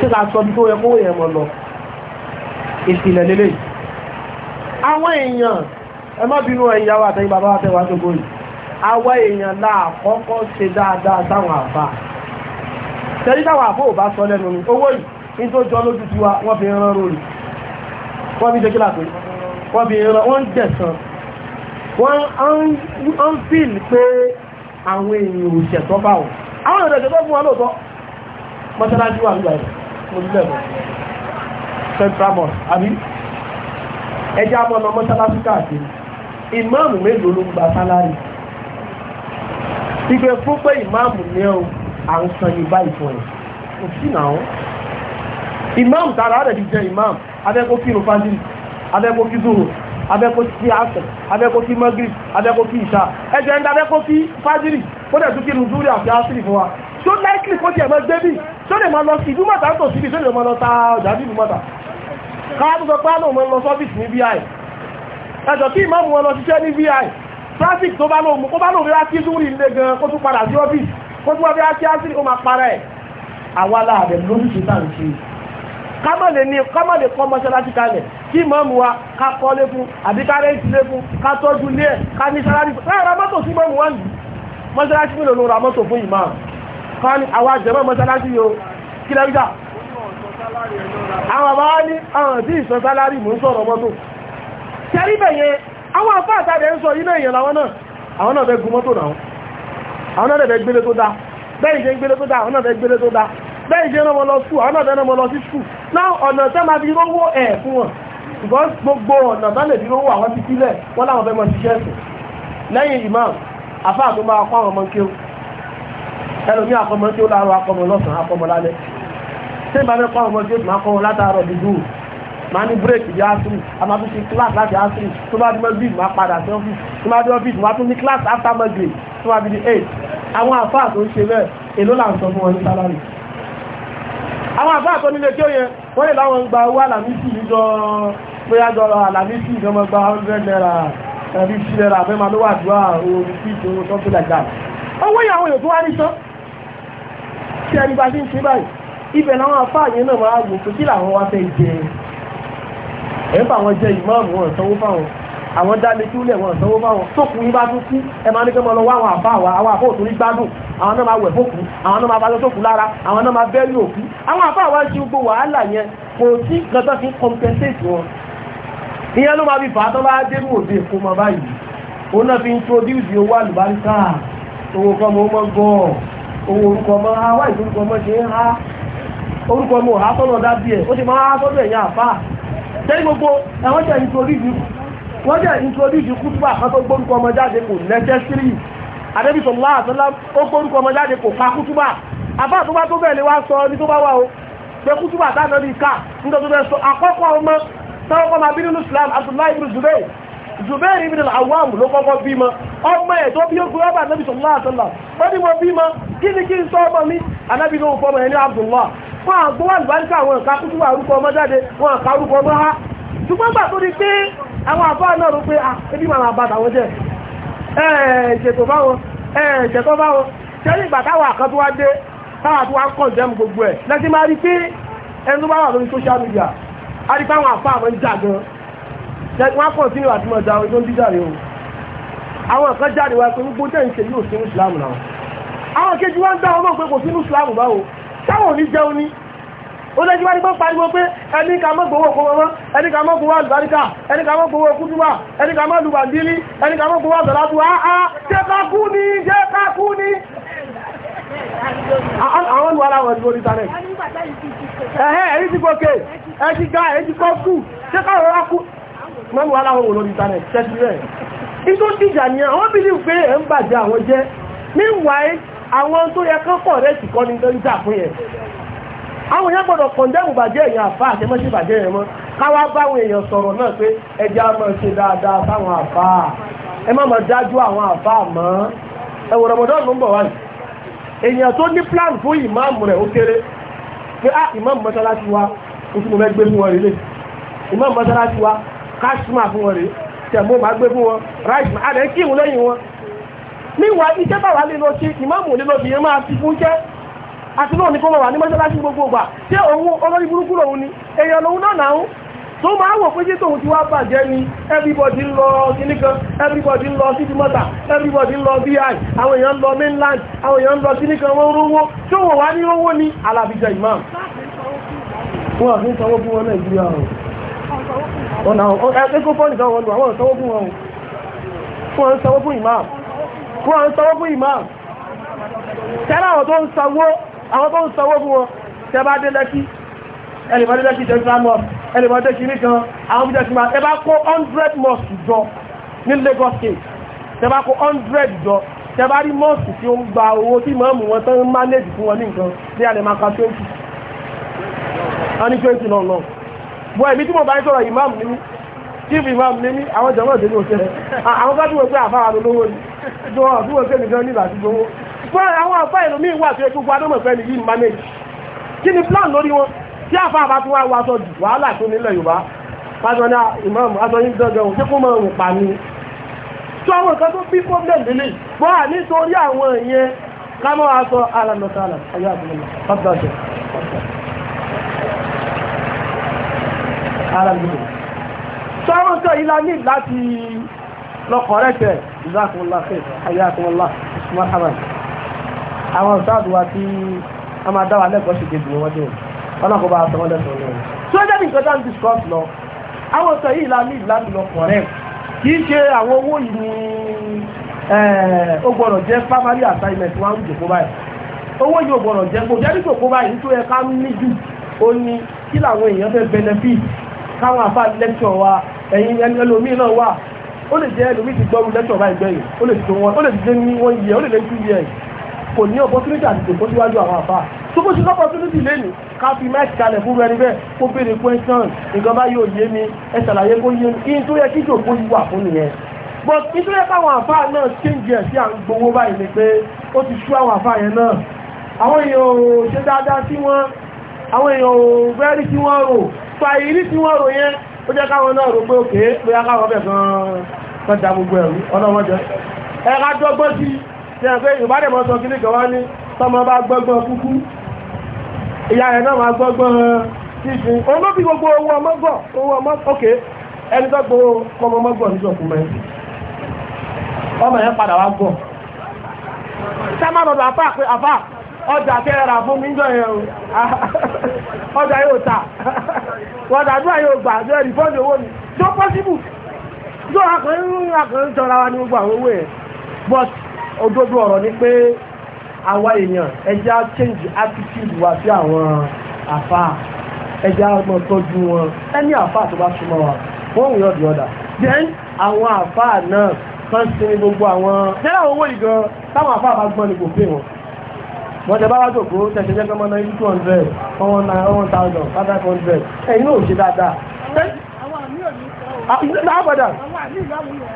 kíra sọ bí tó yẹ kówó yẹn mọ̀ lọ ìpìlẹ̀ lélẹ̀ àwọn èèyàn ẹ má bínú ẹ̀yàwó àtẹ́yìn bàbá àtẹ́wà tó gbóyìí àwọn èèyàn láàkọ́kọ́ ṣe dáadáa sáwọn àbá tẹ́lí táwọn àbó ò bá sọ lẹ́nu ni owó yìí ní tó jọ lójú tí wa wọ́n fi rán rórì wọ́n fi jẹ́ kílà pé wọ́n fi rán wọ́n jẹ̀sán lórílẹ̀ lọ central mosque àbí ẹjẹ́ abọ́nà mọ́sálásí káàkiri ìmáàmù mélòó ló ń gba sálárì ìgbẹ́ fún pé ìmáàmù ní ẹ̀ à ń san yìí báyìí fún ẹ̀ kò sí náà ìmáàmù tààrà rẹ̀ ti jẹ ìmáàmù abẹ́kọ́ kírun fájìlì abẹ́kọ́ kí zoro abẹ́kọ́ kí asẹ̀ abẹ́kọ́ kí magrib abẹ́kọ́ kí ìṣá ẹ̀jẹ̀ ń da abẹ́kọ́ kí fájìlì kó dẹ̀ tún kírun zúrì àti asìrì fún wa tó láìkì kó ti ẹ̀mọ́ gbé bí tó lè máa lọ sí ìlú mọ́ta tó síbi tó lè máa lọ ta ọjà bí ìlú mọ́ta káàkiri sọ pé àwọn ọmọ lọ sọ́fíìsì ní vi ẹjọ́ tí ìmọ̀ mú wọn lọ ṣiṣẹ́ ní vi traffic tó bá lóun kó bá lóun rí láti ìdúrí ilé gan kó tún padà sí ọ́fíìsì kó tún wá bí láti ásírí ó máa para ẹ̀ àwa láàbẹ̀ lórí ṣe tá à ń ṣe kámọ̀lẹ̀ ní kámọ̀lẹ̀ kọ́ mọ́ṣáláṣí kalẹ̀ kí mọ́mù wa ká kọ́lé fún àbí ká rẹ́ǹtì lé fún ká tọ́jú lé ló ra fún ìmáàmù kan ní àwọn àjẹmọ́ mọ́sálásí yóò kí lẹ́gbẹ́ta àwọn bá ní àwọn tí ìsọ sálárì mú sọ̀rọ̀ mọ́tò tẹ́rí bẹ̀yẹ àwọn afá àtàdẹ̀ ń sọ ilé èèyàn láwọn náà àwọn náà fẹ́ gun mọ́tò náà àwọn náà fẹ́ gbélé tó dá bẹ́ẹ̀ ṣe ń gbélé tó dá àwọn náà fẹ́ gbélé tó dá bẹ́ẹ̀ ṣe rán wọn lọ skú àwọn náà fẹ́ lọ sí skú náà ọ̀nà tẹ́ máa fi rówó ẹ̀ fún wọn ṣùgbọ́n gbogbo ọ̀nà ẹlòmí àkọmọ tí ó láàrọ̀ akọmọ lọ́sàn akọmọ lálẹ́ tí bá mẹ́kọ́ ọmọ tí ó máa kọ́ látàárọ̀ dúdú máa ní bírèkì bí ásírì a máa tún ṣe kíláàsì láti ásírì tó bá dúró bíi máa padà sí ọ́fíìsì tó bá dúró bíi máa tún ní kíláàsì after magreth tó bá bíi eight àwọn àfáà tó ń ṣe bẹ́ẹ̀ èló là ń sọ fún wọn ní sálárì àwọn àfáà tó nílé tí ó yẹ wọ́n lè láwọn gba owó àlàmísì níjọ bóyá jọ àlàmísì ìjọba gba hundred naira fifty naira fẹ́ máa ló wà dúrà òun fíìsì owó something like that owó yà àwọn èèyàn tó wá ní sán tí ẹni bá ti ń ṣe báyìí ibẹ̀ làwọn afáàyè náà máa wò pé kí làwọn wá fẹ́ jẹ ẹ̀ wọn jẹ ìmáàmù wọn sanwó fáwọn àwọn dáni tí ó lẹ̀ wọn sanwó fáwọn tókùn bá tún kú ẹ máa ní kí wọn àwọn àbá àwọn àbá òtún ní gbádùn àwọn náà máa wẹ̀ fókù àwọn náà máa bá lọ́sọ̀kù lára àwọn náà máa bẹ́ẹ̀lì òkú àwọn àbá wa ṣe gbogbo wàhálà yẹn kò sí nǹkan fi ń compensate wọn ìyẹn ló máa fi fà á tán bá dé ní òde èkó mọ báyìí òun náà fi ń introduce owó àlùbáríkà owó kan mọ́ gbọ́ọ̀ òun orúkọ mọ́ ha wá ìforúkọ mọ́ ṣe ń ha orúkọ mọ́ ha tọ́nà dábí ẹ̀ ó ti máa ha sọ́dọ̀ ẹ̀yà àfà tẹ́lẹ̀ gbogbo àwọn jẹ́ introduce wọ́n jẹ́ introduce kútùbà àkọ́tọ́ gbórúkọ ọmọ jáde kò necessary Ànábì sallallahu alaihi wasallam ó gbórúkọ ọmọ jáde kò pa kútùbà àbá tó bá tó bẹ̀ lè wá sọ ní tó bá wà o pé kútùbà táwọn ní ká nítorí tó bẹ̀ sọ àkọ́kọ́ ọmọ táwọn ọmọ abínú Islam Abdullahi ibn Zubayr Zubairi bin al-Awwam ló kọ́kọ́ bímọ ọmọ ẹ̀ tó bí ó gbé ọba Ànábì sallallahu alaihi wasallam wọ́n ní mo bímọ kí ni kí n sọ ọmọ mi Ànábì ló fọmọ ẹni Abdullah fún àgbọ́wà ìbáríkà àwọn ìka kúkú àrúkọ ọmọ jáde wọn àka orúkọ ọmọ ha ṣùgbọ́n gbà tó di pé àwọn àfáà náà rò pé ah, ebi màmá àbàdà wọn jẹ ẹ̀ẹ̀ṣètò báwọn ẹ̀ẹ̀ṣètò báwọn ṣẹ́yìn ìgbà táwọn àkàn tó wá dé táwọn tó wá ń kọ̀ǹdẹ́mù gbogbo ẹ̀ lẹ́sìn máa rí pé ẹnu bá wà lórí social media a rí pé àwọn àfáà wọn ń wọ́n kọ̀ sínú àti mọ̀dá ojú ń dídà rí o àwọn kan jáde wá pé gbogbo tẹ́ ń ṣe yóò sínú ìsìlámù náà àwọn kejì wá ń dá ọmọ pé kò sínú ìsìlámù báwo táwọn ní jẹun ní ó lẹ́jú wá ní pọ́ pariwo pé ẹni ká mọ́ gbowó ọkọ̀ mọ́ ẹni ká mọ́ gbowó àlùbáríkà ẹni ká mọ́ gbowó kúdúwà ẹni ká mọ́ lùbàndínlí ẹni ká mọ́ gbowó àbẹ̀lábù áá jẹ́ ká kú ní jẹ́ ká kú ní àwọn ìwà aláwọ̀ ìgbò ní tàrẹ̀ ẹ̀hẹ́ ẹ̀rí ti gòkè ẹ̀ ga ẹ̀ kọ́ kú ṣé káwọn mọ́mù aláwọ̀ wò lórí internet tẹ́sí rẹ̀ ìtò dìjà ni àwọn bílí pé ẹ̀ ń bàjẹ́ àwọn jẹ́ meanwhile àwọn tó yẹ kán pọ̀ rẹ̀ sì kọ́ ní dọ́jà fún yẹn àwọn èèyàn gbọ́dọ̀ kọ̀ndẹ́mù bàjẹ́ èèyàn àfá àtẹ́mọ́sí bàjẹ́ yẹn mọ́ káwá báwọn èèyàn sọ̀rọ̀ náà pé ẹja máa ṣe dáadáa fáwọn àfá mọ́ ẹ̀wọ̀ rọ̀mọdọ́n ló ń bọ̀ wáyìí èèyàn kásímà fún wọn rè tẹ̀mú máa gbé fún wọn ráìsì máa adẹ̀ kí ìwò lẹ́yìn wọn níwà iṣẹ́ bàbá lè lọ sí ìmáàmù lè lọ sí yẹn máa fi fún jẹ́ àti náà ní kó wà ní mọ́ṣáláṣí gbogbo gbà tí òun olórí burúkú lòun ni èèyàn lòun náà náà tó máa wò pé jẹ́ tòun ti wá bàjẹ́ ni everybody lọ kíní kan everybody lọ city mọ́ta everybody lọ bi àwọn èèyàn lọ mainland àwọn èèyàn lọ kíní kan wọ́n rówó tó wọ́n wá ní rówó ní alàbíjẹ imam wọ́n àfihàn sanwó fún wọn nàìjíríà ọ̀hún ọ̀nà ẹgbẹ́gbẹ́ fọ́nì kan wọ́n lù àwọn ìsanwó fún wọn fún wọn sanwó fún imam fún wọn sanwó fún imam tẹ́lá àwọn tó ń sanwó àwọn tó ń sanwó fún wọn tẹ́ bá dé lẹ́kí ẹlẹ́bàdé lẹ́kí tẹ́ islam mosque ẹlẹ́bàdé kìíní kan àwọn bí tẹ́sí máa tẹ́ bá kó 100 mosque jọ ní Lagos state tẹ́ bá kó 100 jọ tẹ́ bá rí mosque tí ó ń gba owó tí mọ́ọ̀mù wọn tán ń manage fún bọ́ ẹ̀mí tí mo bá ń sọ̀rọ̀ imam ni mí chief imam ni mí àwọn jọmọ́ ìdílé òṣèlú àwọn bá dúró pé àfáà ló lówó ni jọ dúró pé nìkan ní ìlàsí gbowó fún àwọn àfáà ìlú míì wà tó yẹ gbogbo adọ́mọ̀ fẹ́ ni yìí manage kí ni plan lórí wọn tí àfáà bá tún wá wá sọ jù wàhálà tó nílẹ̀ Yorùbá pàṣẹ ní imam asọyìn dandan òun ṣé kó mọ òun pa ni tó àwọn nǹkan tó bí problem délé bọ́ à nítorí àwọn ìyẹn ká mọ́ wa sọ alàmọ̀tàlà ayé àbúrò náà ara lè sọ àwọn sọ yìí la ní láti lọkọ̀ rẹ̀ tẹ̀ ìzákùnlá fẹ́ ayákùnlá marhaban àwọn ìsáàdù wa tí a máa dáwà lẹ́kọ̀ọ́ ṣe kejì wọn jẹ́ ọlọ́kọ̀ bá sọ wọ́n jẹ́ ní nǹkan eh, báyìí owó yìí ò ní jòkó ó ní kí làwọn èèyàn fẹ́ benefit káwọn àfáà lẹ́kṣọ̀ wa ẹ̀yin ẹlòmíì náà wà ó lè jẹ́ ẹlòmíì ti gbọ́rù lẹ́kṣọ̀ bá ìgbẹ̀yìn ó lè tó wọn ó lè dé ní wọ́n yẹ ó lè lé two years kò ní opportunity àti kò síwájú àwọn àfáà tó bó ṣe opportunity lẹ́nu ká fi mẹ́ẹ̀kì kalẹ̀ fún ẹni bẹ́ẹ̀ kó béèrè question nǹkan bá yóò yé mi ẹ ṣàlàyé kó yé mi kí n tó yẹ kí jòkó yìí wà fún nìyẹn but nítorí káwọn àfáà náà change ẹ̀ sí à ń gbowó báyìí ni pé ó ti ṣú àwọn àfáà yẹn náà àwọn èèyàn ò ṣe dáadáa sí wọn àwọn èèyàn ò bẹ́ẹ̀rí sí wọn rò so àìrí tí wọ́n ròyìn ó jẹ́ káwọn náà rò pé òkè pé akáwọn bẹ̀ kan da gbogbo ẹ̀rú ọlọ́wọ́n jẹ́ ẹ̀ka dọ́gbọ́n sí ti ẹ̀ pé ìbádẹ́mọ̀ sọ kí ní kan wá ní tọ́mọ bá gbọ́gbọ́n kúkú ìyá rẹ̀ náà máa gbọ́gbọ́n sísun òun ló fi gbogbo owó ọmọgbọ̀n owó ọmọ òkè ẹni tó gbọ́ ọmọ ọmọgbọ̀n níjọ fún mẹ́rin ọmọ yẹn padà wá gbọ́ sẹ́mọ́nà àfà pé àfà ọjà kẹrà fún mi jọ yẹn o ọjà yóò tà wọ́dà àdúrà yóò gbà àjọ ẹ̀rí fọ́ọ̀dì owó mi tó pọ́síbù tó akọrin akọrin tọ́ra wa ní gbogbo àwọn owó ẹ̀ but òdodo ọ̀rọ̀ ni pé àwa èèyàn ẹja change attitude wa sí àwọn àfáà ẹja ọmọ tọ́jú wọn ẹni àfáà tó bá súnmọ́ wa wọ́n wùyọ́ the other. then àwọn àfáà náà kan sinmi gbogbo àwọn tẹ́lẹ̀ owó ìgan táwọn àfáà bá gbọ́n ni kò pè wọ́n wọ́n tẹ bá wá jòkó tẹ̀sẹ̀ jẹ́ kọ́mọ́ náà two hundred one one thousand five hundred ẹ̀yin náà ò ṣe dáadáa. láàbọ̀dà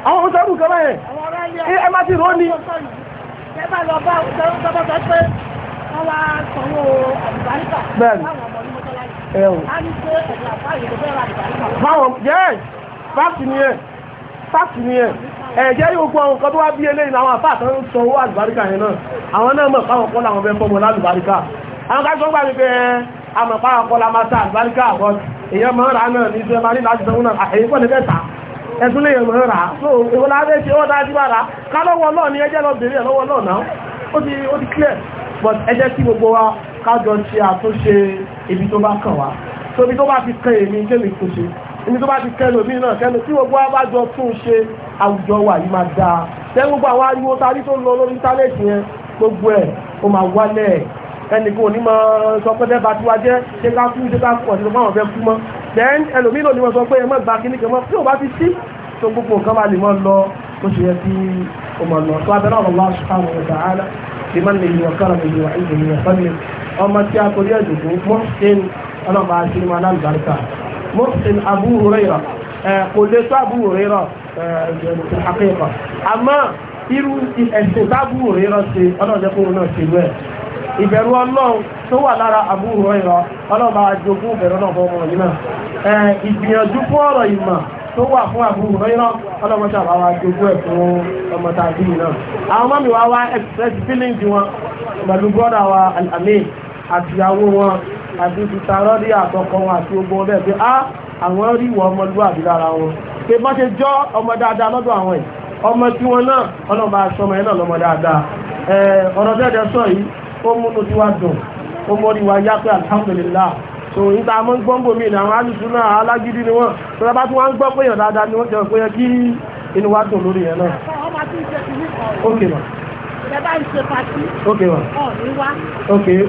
àwọn ọmọ sọ́rù kan báyẹn ẹ má ti rò ó ni. ẹ bá lọ bá ọ̀sán tó bá sọ pé wọ́n wá sọ̀rọ̀ àdìbáríkà báwọn ọmọ ẹ̀jẹ́ yóò gbọ́ nǹkan tó wá bí eléyìn àwọn àfáà tó ń sọ owó àlùbáríkà yẹn náà àwọn náà mọ̀ káwọn kọ́ làwọn bẹ́ẹ̀ fọ́mọ lálùbáríkà àwọn kájọ́ gbà wípé àmọ̀ káwọn kọ́ la máa ta àlùbáríkà àbọ̀ èèyàn máa la fẹ́ ṣe ra ká lọ́wọ́ ni ẹjẹ́ lọ bèrè lọ́wọ́ náà náà ó ti ó ti clear but ẹjẹ́ tí gbogbo wa kájọ ṣe àtúnṣe ibi tó ní tó bá ti kẹlò mí náà kẹlò tí gbogbo wa bá jọ tún ṣe àwùjọ wa yìí máa dáa tẹ́lẹ̀ gbogbo àwọn ariwo tarí tó lọ lórí íńtánẹ́ẹ̀tì yẹn gbogbo ẹ̀ ó máa wálẹ̀ ẹnìkan ò ní máa sọ pé bẹ́ẹ̀ bá ti wá jẹ́ ṣé ká kú ṣé ká kú ọ̀sẹ̀ máa fẹ́ kú mọ́ then ẹlòmíràn ni wọ́n sọ pé ẹ má gba kíní mọ́ tí ò bá ti sí tó gbogbo nǹkan máa lè máa lọ bó ṣe yẹ kí ó máa lọ tó abẹ́rẹ́ ọ̀rọ̀ wá subhanahu wa ta'ala ọmọ tí a torí ẹ̀dùnkún mọ́ ṣe ọlọ́mọ àṣírí máa lálùbáríkà muslim abu huraira kò lè tó abu huraira àkẹ́kọ̀ọ́ àmọ́ irú ẹ̀sìn tábù huraira ṣe ọlọ́dẹ́kùnrin náà ṣe wẹ̀ ìbẹ̀rù ọlọ́run tó wà lára Abu Hurairah ọlọ́ba ajogún ìbẹ̀rù náà fọ́mọ̀ yìí náà ìgbìyànjú fún ọ̀rọ̀ ìmọ̀ tó wà fún Abu Hurairah ọlọ́mọta àbáwá ajogún ẹ̀ fún ọmọta bí náà àwọn mọ́mí wa wá express feelings wọn pẹ̀lú brọ́dà wa Al-Amin àtìyàwó wọn àti ìtàrọ́ ní àtọkọ wọn àti ogun ọbẹ̀ pé á ah, àwọn rí ìwọ ọmọlúwàbí lára wọn pé bá ṣe jọ ọmọ dáadáa lọ́dọ̀ àwọn yìí ọmọ tí wọn náà ọlọ́ba aṣọmọ yẹn náà lọ́mọ dáadáa ọ̀rọ̀ tẹ́tẹ́ sọ yìí ó múnú tí wá dùn ó mọ́rí wa yá pé alhamdulillah so níta mọ́ ń gbọ́ ń bò mí ní àwọn alùsùn náà alágídí ni wọ́n tó lábá tí wọ́n ń gbọ́ pé èèyàn dáadáa ni wọ́n jẹ́ pé yẹ kí inú wa dùn lórí yẹn náà. ọmọ tí ń ṣe kìíní kan. ok ń ṣe pati. ọ̀ ní wá.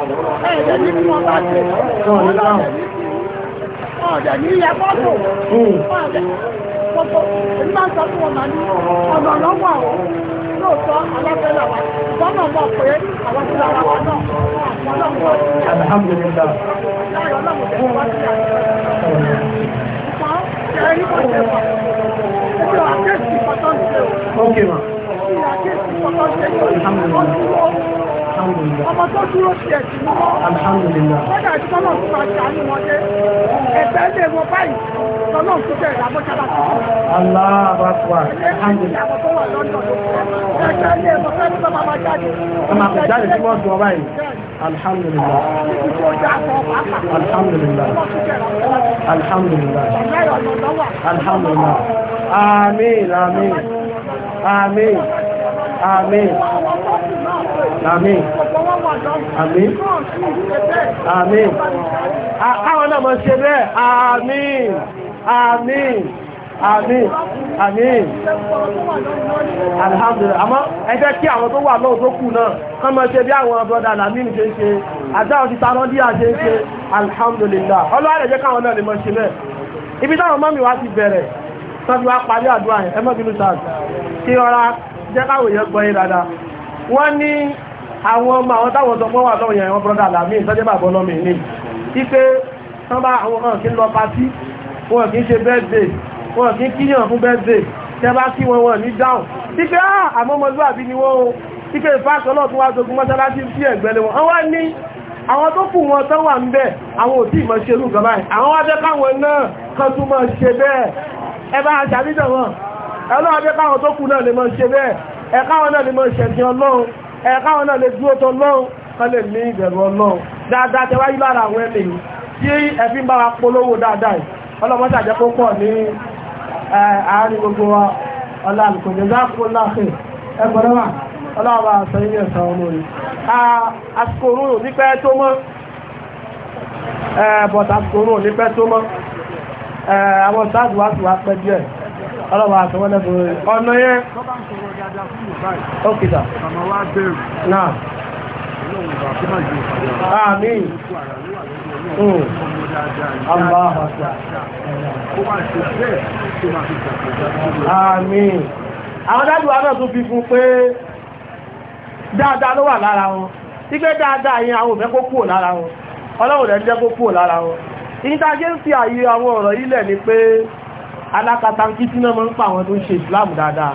ẹ̀ẹ́dẹ̀ ní kí wọ́n bá tẹ̀ wọ́n lọ́wọ́ ọ̀dẹ̀ ní ilẹ̀ pọ́pọ̀ ọ̀dẹ̀ pọ́pọ̀ èyí máa ń sọ fún wọn màá ní ọ̀nà lọ́wọ́ àwọn lóòótọ́ aláfẹ́ làwà ìgbọ́nà mọ̀ pé àwọn ti lára wa náà ọlọ́run Alhamdulillah. Okay, ma. Alhamdulillah ọmọ tó dúró sí ẹ̀sìn mọ́ kọ́dà tí tọ́lọ̀ tó máa ṣàánú wọn dé ẹ̀fẹ́ lè wọ báyìí tọ́lọ̀ tó bẹ̀rẹ̀ lábọ́jára tó wà. aláàbàtúwà alhamdulillah àwọn tó wà lọ́dọ̀ tó fẹ́ ẹ̀fẹ́ lè wọ fẹ́ tó máa jáde. ọmọ àbújáde tí wọ́n dùn ọ báyìí alhamdulillah alhamdulillah alhamdulillah alhamdulillah àmín àmín àmín àmín. Àmín. Àmín. Àmín. Àwọn náà mọ̀ ṣe bẹ́ẹ̀. Àmín. Àmín. Àmín. Àmín. Alhamdulillah. Àmọ́ ẹ jẹ́ kí àwọn tó wà lọ́wọ́ tó kù náà kán mọ́ ṣe bí àwọn brọ́dà Lámín ṣe ṣe, àjáwọ̀ ti tanọ́ díà ṣe ṣe. Alhamdulillah. Ọlọ́wà rẹ̀ jẹ́ káwọn náà lè mọ́ ṣe bẹ́ẹ̀. Ibi táwọn mọ́mí wá ti bẹ̀rẹ̀, tọ́jú wá parí àdúrà Wọ́n ní àwọn ọmọ àwọn táwọn sọ pọ́ wà lọ́wọ́ yẹn àwọn brọ́dà làmí ìtọ́jẹ́ bàbá ọlọ́mọ ilé wípé tán bá àwọn kan kí ń lọ patí wọn kì í ṣe birthday wọn kì í kíyàn fún birthday tẹ́ bá kí wọn wọn ní dáhùn wípé ah, àmọ́ ọmọlúwàbí ni wọ́n o wípé ìfàṣọlọ́ tó wá jogun mọ́sálásí sí ẹ̀gbẹ́lẹ̀ wọn wọ́n ní àwọn tó kù wọn tán wà ń bẹ̀ àwọn ò tí ì mọ̀ ṣe irú nǹkan báyìí àwọn wá jẹ́ káwọn náà kan tún mọ̀ ṣe bẹ́ẹ̀ ẹ bá ṣàbíjọ ọlọ́run ẹ̀káwọn náà lè dúró tó lọ́run kan lè ní ìbẹ̀rù ọlọ́run dáadáa tẹwáyé lára àwọn ẹni tí ẹ̀fí bá wa polówó dáadáa ọlọ́mọ́sí àjẹ́kó pọ̀ ní àárín gbogbo wa ọlá àlùkòjẹ́ záàkó láàfẹ́ ẹgbẹ̀rẹ́ wà ọlọ́ọ̀bà sẹ́yìn ẹ̀sàn olórí àsìkòrò nípẹ́ tó mọ́ bọ̀t àsìkòrò nípẹ́ tó mọ́ àwọn sáàdùwásùwá pẹ́ díẹ̀ ọlọ́ọ̀bà àtọwọ́lẹ́bùn ọ̀nà yẹn ok sir. màmá wa bẹ̀rù. náà. ọlọ́run bá kí máa yọ ìpàdé. àmín. Allahu Akbar. Hmm. Ó wà ṣe bẹ́ẹ̀ tó máa fi ṣàkóso. Àmín. Àwọn dájú wa náà tún fi fún pé dáadáa ló wà lára wọn. Ipé dáadáa yẹn àwọn òfẹ́ kó kúrò lára wọn. Ọlọ́run rẹ̀ jẹ́ kó kúrò lára wọn. Ìyíntàgé ń fi àyè àwọn ọ̀rọ̀ ilẹ̀ ni pé alákatakítí náà máa ń pa àwọn tó ń ṣe ìsìláàmù dáadáa.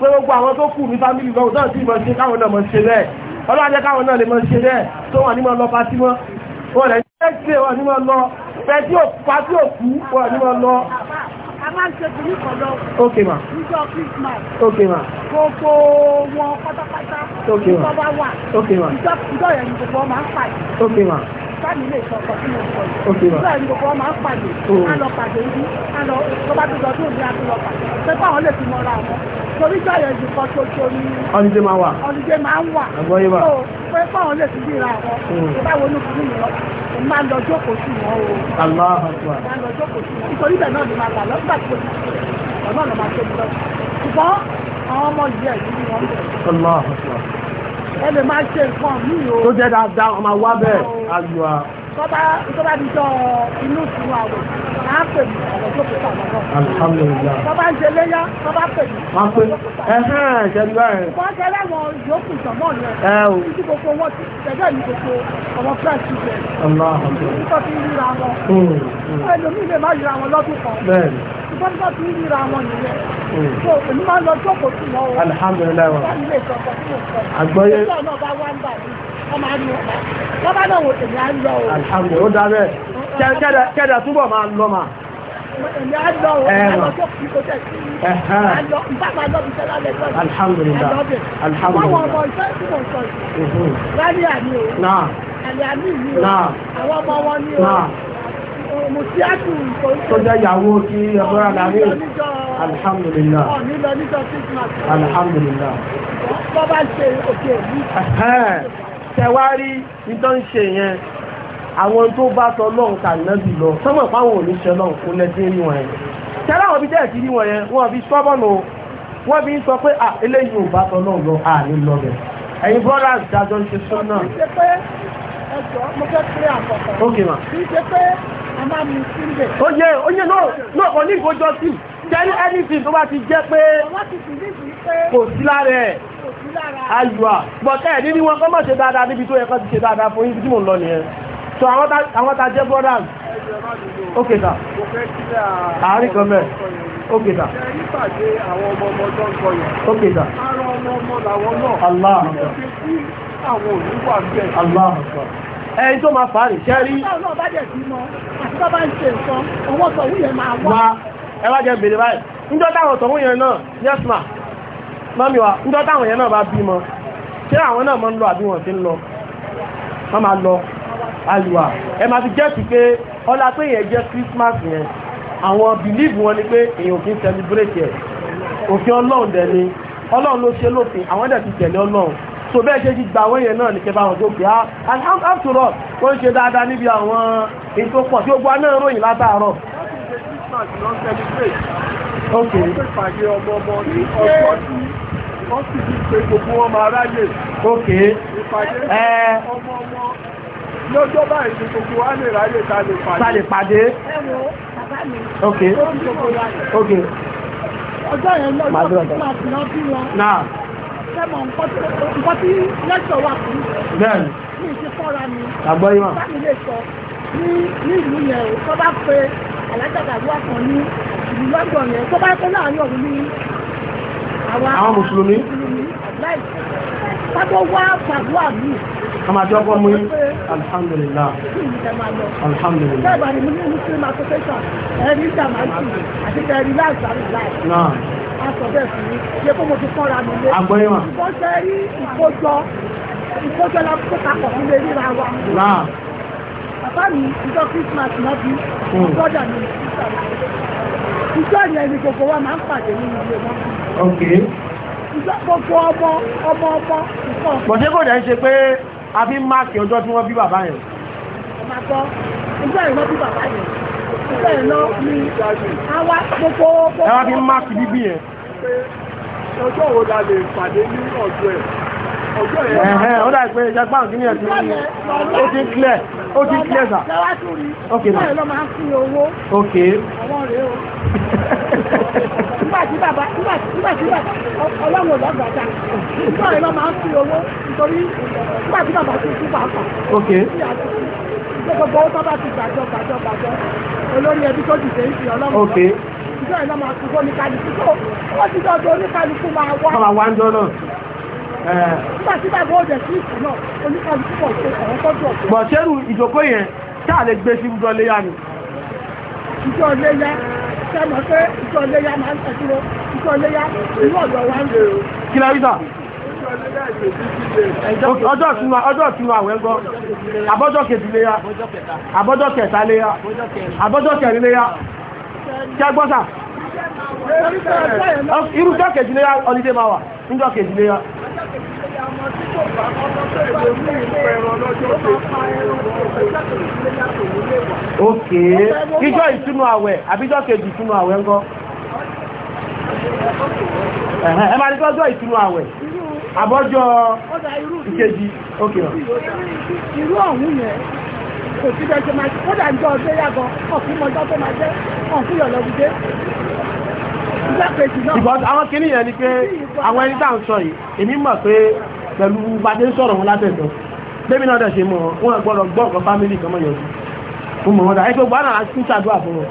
pé gbogbo àwọn tó kù ní fámílì lọ́wọ́ náà sí ìmọ̀ ṣe káwọn náà mọ̀ ṣe bẹ́ẹ̀ ọlọ́wọ́dẹ́ káwọn náà lè mọ̀ ṣe bẹ́ẹ̀ tó wà nímọ̀ lọ pàtí mọ́ wọ́n rẹ̀ jẹ́ wà nímọ̀ lọ pẹ́ tí ó pàtí òkú wà nímọ̀ lọ kan ok ma. ok ok ok máa ń pàdé. ok ok oh. a lọ pàdé ibi a lọ tó tó lọ tó ní a tó lọ pàdé. pé báwọn lè fi mọ́ra wọn torí gbàyẹ̀ jù kan ṣoṣo ni ọdíjé máa wà ọdíjé máa ń wà àgbọ́yé wà pé fáwọn lè fi bíra àwọn hmm. tó bá wọnú fún mi lọ mo máa lọ jókòó sí wọn o aláhàtúwà mo lọ jókòó sí wọn nítorí bẹ́ẹ̀ náà ló máa gbà lọ́gbà tó ti ṣe ọ̀nà ló máa tóbi lọ ṣùgbọ́n àwọn ọmọ yìí ẹ̀ ní wọn bẹ̀rẹ̀ aláhàtúwà ẹ lè máa ṣe nǹkan mí o tó jẹ́ dáadáa ọmọ wa bẹ́ẹ̀ oh tọ́ba tọ́ba ti jọ inú ìsinmi àwẹ̀ máa ń pè mí àwọn tó kúta lọ́wọ́. alhamdulilayi. tọ́ba ń ṣe léyà tọ́ba pè mí. máa pè ẹhẹ́n ṣẹlú báyìí. wọ́n ṣe láwọn yòókù ìjọ̀mọ́ yẹn. ẹ o. títí gbogbo wọn ti tẹ̀lé ní gbogbo ọmọ fúlàṣì rẹ̀. títọ́ ti ríra wọn. ẹlòmíì lè má ríra wọn lọ́dún kan. bẹ́ẹ̀ni. ṣùgbọ́n títọ́ ti ríra wọn nìyẹn. so èmi máa ọmọ àdúgbò ọ̀pá wọ́n bá náà wò èmi á lọ o. àgbẹ̀ ó dábẹ́ kẹ́dà túbọ̀ máa lọ mà. èmi á lọ o àwọn tó kù kó tẹ̀ sí i. nbá máa lọ bí sẹ́lá lẹ̀ tọ́jú. alhamdulilah alhamdulilah. wọ́n wọ ọmọ ìfẹ́ tí mo sọ yìí. rárá àmì o. náà àmì àmì mi o. náà àwọn ọmọ wọn ni o. náà mo ti á tù ìyàwó kí ọgbọ́n àdáyé. alhamdulilah. ọ̀ní lọ ṣe òkè tẹwárí nítọ́ ń ṣe yẹn àwọn tó bá sọ lọ́hùn kà nábì lọ sọ́mọ̀ fáwọn oníṣẹ́ lọ́hùn kó lẹ́sìn rí yẹn tẹ́lá wọn bí dẹ́ẹ̀ ti yẹn wọn fi sọ́bọ̀nù wọ́n fi ń sọ pé à eléyìí ò bá sọ lọ́hùn lọ à ní lọ́bẹ̀ ẹ̀yin brothers dájọ́ ń ṣe sọ náà. ok ma. oye oye náà kò ní ìkójọ sí jẹ́rí anything tó bá ti jẹ́ pé kò sí lára ayùwà bọ̀tẹ́ ẹ̀ níbi wọn kọ́ mọ̀ ṣe dáadáa níbi tó yẹ kọ́ ti ṣe dáadáa fún ibi tí mò ń lọ nìyẹn so àwọn ta jẹ́ brothers ok sir àárín kan mẹ́ ok sir ok sir Allah Allah ẹni tó máa fàárì ṣẹ́rí ẹwà jẹ́ bèèrè báyìí níjọ́ táwọn tọ̀hún yẹn náà yes ma mọ́mí wa ń dọ́tà àwọn yẹn náà bá bímọ ṣé àwọn náà mọ́ ń lọ àbí wọ́n ti ń lọ wọ́n máa lọ àlùwà ẹ máa fi jẹ́sì pé ọlá pé yẹn jẹ́ Christmas yẹn àwọn bìlíìfù wọn ni pé èèyàn kì í celebrate ẹ̀ òfin Ọlọ́run dẹ̀ ni Ọlọ́run ló ṣe lófin àwọn dẹ̀ ti tẹ̀lé Ọlọ́run so bẹ́ẹ̀ ṣe ti gbà àwọn èèyàn náà ní kẹfà àwọn tó gbà and after all wọ́n ṣe dáadáa níbi àwọn ètò pọ̀ tí ó gbọ́ náà ròyìn látàárọ̀ Christmas ló ń ok tí wọ́n ti ok ìpàdé ọmọ ọmọ lọ́jọ́ báyìí ni gbogbo wa lè ráyè ta lè pàdé. ta ok ok. ọjọ́ yẹn lọ́jọ́ Christmas lọ bí wọn. náà fẹ́mọ̀ nǹkan tí lẹ́tọ̀ wà fún mi. mi ti fọ́ra mi. àgbọ̀yìn wa. bá mi lè sọ ní ìlú yẹn o tó bá pe alájàgbàgbà kan ní ìlú lọ́gbọ̀n yẹn tó bá pé láàárín ọ̀hún ní àwọn mùsùlùmí pápọ̀ wá pàdúrà mí. àmàjọ ọkọ mú alhamdulillah alhamdulillah. bẹ́ẹ̀ bá ní mo ní muslim association ẹ̀rí dàmásì àti ẹ̀rí láàzárì láì. aṣọ bẹ́ẹ̀ fún mi ṣe kó mo ti kọ́ra mi lé. àgbọ̀yìn wa. ìkọ́ṣẹ́ rí ìkójọ ìkójọ la kó papọ̀ sílé ríra wa bàbá mi ìjọ Christmas náà bí hmm. brọ́dà mi ìjọ yẹn ni gbogbo wa máa ń pàdé nínú ilé wọn. ok. ìjọ gbogbo ọmọ ọmọ ọmọ nǹkan. bọ̀dé kò dẹ̀ ṣe pé a fi ń máàkì ọjọ́ tí wọ́n bí bàbá yẹn. ọmọ àgbọ̀ ìjọ yẹn wọ́n bí bàbá yẹn ìjọ yẹn lọ ní àwa gbogbo. ẹ wá fi ń máàkì bíbí yẹn ọjọ́ wo la lè pàdé ní ọjọ́ ẹ̀ ọjọ́ ẹ̀ ẹ̀hẹ́ ó dà pé ìjàpá òkú ní ẹ̀sìn ní ó ti ń clear ó ti ń clear sà ok nà ok nígbàtí bàbá nígbàtí bàbá ọlọ́run ò lọ́gbàdá nígbà rẹ̀ lọ́ máa ń fi owó nítorí nígbàtí bàbá ti kú pàápàá. ok gbogbo owó tó bá ti gbàjọ gbàjọ gbàjọ olórí ẹbí tó dìde ń ọlọ́run ìjọ ìlọ máa kú bọ́ni kálukú tó wọ́n ti dọ́dọ̀ oníkálukú máa wá. wọ́n máa wá ń jọ náà. nígbà tí bàbá òjẹ̀ sí ìsìn náà oníkálukú pọ̀ ṣe ọ̀rọ̀ tọ́jú ọ̀gbìn. bọ̀ ṣẹ́rù ìjókòó yẹn táà lè gbé sí ìjọ léyà ni. ìjọ léyà sẹ́mọ̀ pé ìjọ léyà máa ń tẹ̀síwọ́ ìjọ léyà ìlú ọ̀dọ̀ wa ń lè o. kí lẹ́ rí sà? ọjọ́ ìsinmi ọjọ́ ìsinmi àwẹ̀ ń gọ́ àbọ́jọ́ kejì léyà àbọ́jọ́ kẹta léyà àbọ́jọ́ kẹrin léyà jágbọ́sà irújọ́ kejìléyà ọlídé máa wà níjọ́ kejìléyà ok ìjọ ìtúnú àwẹ̀ àbíjọ́ kejì ìtúnú àwẹ̀ ńkọ́ ẹ máa ní kọ́jọ́ ìtúnú àwẹ̀ àbọ́jọ́ ìkejì ok irú ọ̀hún yẹn kò sí bẹ́ẹ̀ ṣe máa ṣe kódà ń jọ ọdún yàgàn ọ̀fun mọ́jọ́ tó máa jẹ́ ọ̀fun yọ̀ lọ́gùdé. ìbọn àwọn kìíní yẹn ni pé àwọn ẹni tá à ń sọ yìí èmi mọ̀ pé pẹ̀lú bàdé sọ̀rọ̀ wọn látẹ̀dọ̀ bébí náà dẹ̀ ṣe mọ̀ wọn gbọ́dọ̀ gbọ́ ọ̀kan fámìlì kan mọ̀ yọjú mo mọ̀ wọn dà ẹgbẹ́ gbọ́dọ̀ náà ń ṣàdúrà fún wọn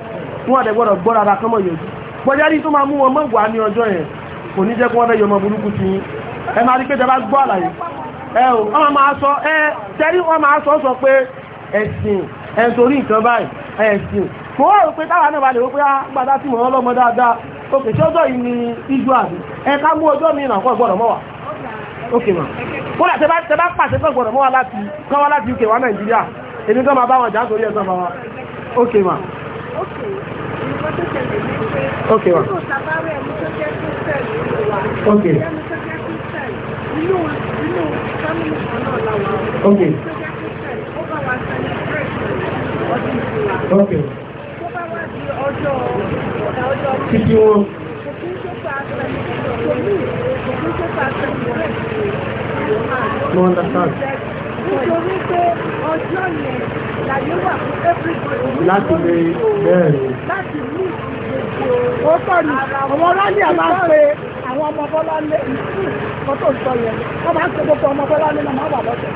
wọn dẹ̀ gbọ́dọ̀ gbọ́ rárá kan mọ̀ yọjú pọ̀járí tó máa mú wọn mọ̀gbà ní ọjọ́ yẹn kò ní jẹ́ kí wọ́n lẹ́yọ ọmọ burúkú ti ẹ máa rí pé tẹ bá gbọ́ àlàyé ẹ o wọ́n máa sọ ẹ tẹ́rí wọ́n máa sọ sọ pé ẹ̀sìn ẹ̀ntorí nǹkan báyìí ẹ̀sìn kò wọ́n rò pé táwa náà balẹ̀ wípé gbadá tí mò ń lọ́mọ dáadáa òkè tí ọjọ́ yìí ni ijú àbí ẹ̀ka mú ọjọ́ mi ìrànkọ́ gbọ́dọ̀ mọ́ wa ókè mà kó là tẹ bá pàṣẹ pé gbọ́dọ̀ mọ́ wa láti kọ́ wa láti UK wa Nàìjíríà èmi gan máa bá wọn jà nítorí ẹ̀sán bá wa ókè mà ókè mà ókè mà ókè Okay. Títí wọn. Mo understand. Nítorí pé ọjọ́ yẹn láyé wà fún everybody. Láti lè bẹ́ẹ̀ ni. Láti ní ìṣèjì. Ó kọ́ ni, àwọn rálì àbá pé àwọn ọmọ bọ́lá lé ìsú kọ́tò ìsọ yẹn. Wọ́n máa ń pe gbogbo ọmọ bọ́lá lé náà máa wà lọ́sẹ̀.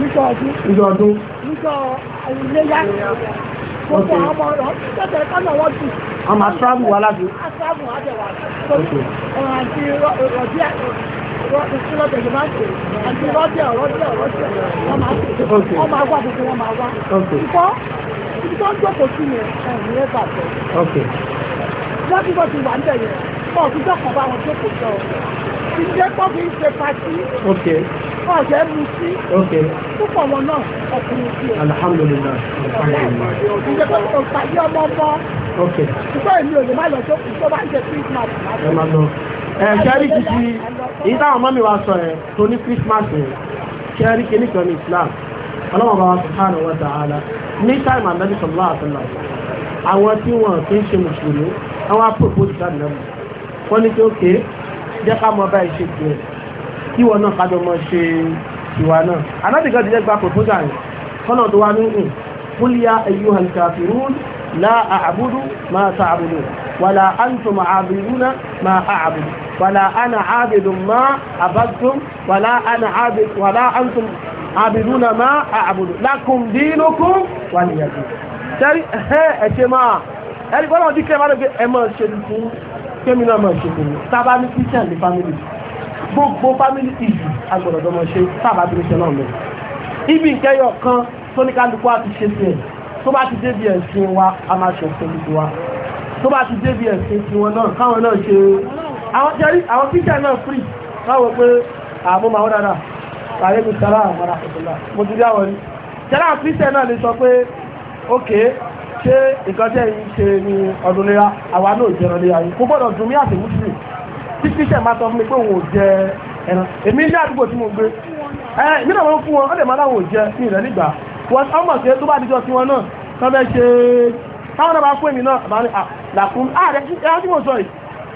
Níjọ́ ọdún. Níjọ́ ọdún níjọ́ ìléyà gbogbo àwọn ọmọ rẹ̀ tẹ́tẹ̀ kánà wọ́n jù. wọ́n máa tíráàbù wá láti. a tíráàbù wá bẹ̀ wá torí ọ̀rọ̀ àti rọ̀bí ìṣúlọ̀bẹ̀ ló máa ń pè àti rọ́bì ọ̀rọ̀bì ọ̀rọ̀bì wọ́n máa ń pè wọ́n máa wá gbogbo wọn máa wá. ṣùgbọ́n ibi tó ń jókòó sí yẹn ẹ̀rù rẹ̀ bàjẹ́. lọ́bí bó ti wà ń bẹ̀ yẹn bọ́ọ̀ fi jọ́kàn bá wọn jókòó jọ ti ṣe pọ́ fi ṣe pàtì. ok. ọ̀sẹ̀ mu sí. ok. púpọ̀ wọn náà ọkùnrin sí alhamdulilayi alhamdulilayi. ìjẹ́ pé kò pàdé ọmọ ọmọ. ok. ṣùgbọ́n èmi ò lè má lọ tó tó bá ń ṣe christmas. ẹ máa lọ. ẹ ṣẹ́rí ti fi táwọn mọ́mí wa sọ ẹ̀ tó ní christmas yẹn ṣẹ́rí kìíní kan ní islam ọlọ́wọ́n bá wa subhanahu wa ta'ala ní táìmù àmì àwọn tí wọn kì í ṣe mùsùlùmí àwọn apò ìpòsíta nìyẹn wọn ni kí ó kéé jẹ́ ká mọ bá ìṣe tiẹ̀ kí wọn náà kájọ mọ ṣe ìwà náà anábì kan ti jẹ́ gba proposal yẹn kọ́nà tó wá ní hùn kúlíà ẹ̀yù hàlùkàfìrún láà àbúdú máa ta àbúdú wàlà àǹtùmọ̀ àbìrúnà máa àbùdú wàlà àna àbìdù máa àbàtùm wàlà àna àbìdù wàlà àǹtùm máa àbùdú lákùn dínúkùn wà níyàtú ẹni bọ́lá ọdún kẹrẹ máa ẹ máa ṣe ní fún kémi náà máa ṣe fún tábà ní christian ní family gbogbo family issue agbọ̀dọ̀dọ̀ máa ṣe tábà bí ṣe náà lọ ibi ìkẹyọ kan tó ní kálukú àti ṣe sí ẹ tó bá ti débi ẹ̀sìn wa a máa ṣe fún ibi wa tó bá ti débi ẹ̀sìn tiwọn náà káwọn náà ṣe àwọn jẹrí àwọn christian náà free káwọn pé àmọ́ máa wọ́n dára ààrẹ mi sara àwọn ará mo ti rí àwọn rí jẹ́rà christian ṣé nǹkan tẹ́ ń ṣe ní ọdún àwa náà jẹ́ ọdún léra kò gbọ́dọ̀ dùn mí àti mùsùlùmí tí kíṣẹ̀ máa sọ fún mi pé òun ò jẹ ẹran èmi ní àdúgbò tí mo gbé ẹ mi náà fún wọn ọdẹ máa láwọn ò jẹ ní ìrẹ́ nígbà wọ́n ọmọ sí tó bá dijọ́ sí wọn náà kán fẹ́ ṣe táwọn náà bá fún èmi náà àbá ní àlàkùn ààrẹ ẹran tí mo sọ yìí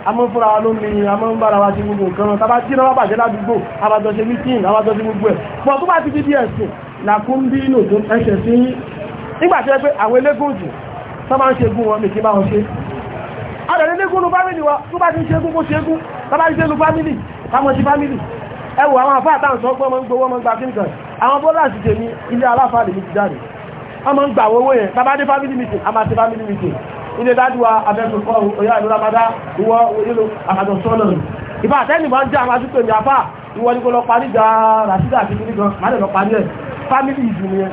àmọ́ fúnra wa ló ní àmọ́ ń bára wa ti gbogbo nǹkan náà tábà tí náà bàjẹ́ ládùúgbò àbájọ ṣe mítìn àbájọ ṣe gbogbo ẹ̀ pọ̀ tó bá ti di díẹ̀ sùn làkún bí nù ẹsẹ̀ sí nígbàtí ẹ pé àwọn elégún jù tó máa ń ṣe gún wọn mìkí bá wọn ṣe ọ̀dọ̀lẹ́ légún ní fámílì wa tó bá ti ń ṣe gún kó ṣe gún tó bá ti ṣe gún fámílì táwọn ṣe fámílì ẹwù àwọn àfáà táwọn sọ pé wọ́n gbowó wọn gba kíǹkan àwọn bọ́lá sì tèmi ilé aláfáà lè mi ti jáde wọ́n máa ń gbà owó yẹn tá bá dé fámílì meeting a máa ṣe fámílì meeting ilé dájúwa abẹ́kùnkọ́ òyà ìlú ramada ìwọ òyìnbó àkàtọ̀ sọ́nà ìfà àtẹ́yìnbá ń jẹ́ àwọn asúpèmí àfáà ìwọ ní kó lọ parí gbà ràṣídà àti kìnnìkan má lè lọ parí ẹ̀ fámílì ìdùnnú yẹn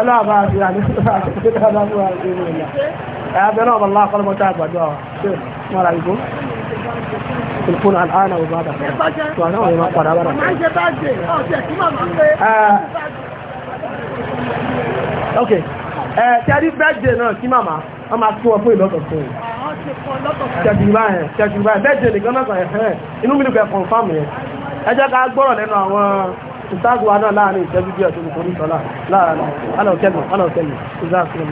ọlọ́ọ̀bá àti àdúgbò àti ìjọba àti ìrìnà ẹ̀yàbẹ̀ náà bọ̀lá akọ́lọ́mọ tí a gbàjọ́ mọ́ra ìgbó ìfún àlànà òbá dàpọ̀ tó àwọn ìmọ̀ padà bára ok tí a rí bẹ́ẹ̀dẹ̀ náà kí màmá wọ́n máa tún ọkùn ìlọ́tọ̀ fún un ṣẹ̀jùgbà ẹ̀ ṣẹ̀jùgbà ẹ̀ bẹ́ẹ̀dẹ̀ nìkan náà inú mi lùkẹ̀ kọ̀ǹfàmù yẹn ẹ jẹ́ ká gbọ́rọ̀ lẹ́nu àwọn ìsáàgù wa náà láàrin ìṣẹ́jú díẹ̀ tó ń forí sọ́lá láàrin alọ́kẹ́lù alọ́kẹ́lù ìzáàkúrò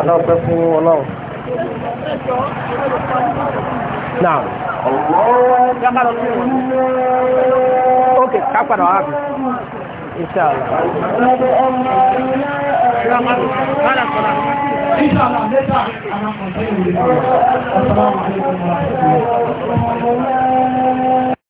Adáwọ̀pẹ́ fún ọlọ́run. Náà. Ok, ká padà wá bí. Inshallah. Inshallah, later, I'm going to continue with the Assalamu alaikum wa rahmatullahi wa barakatuh.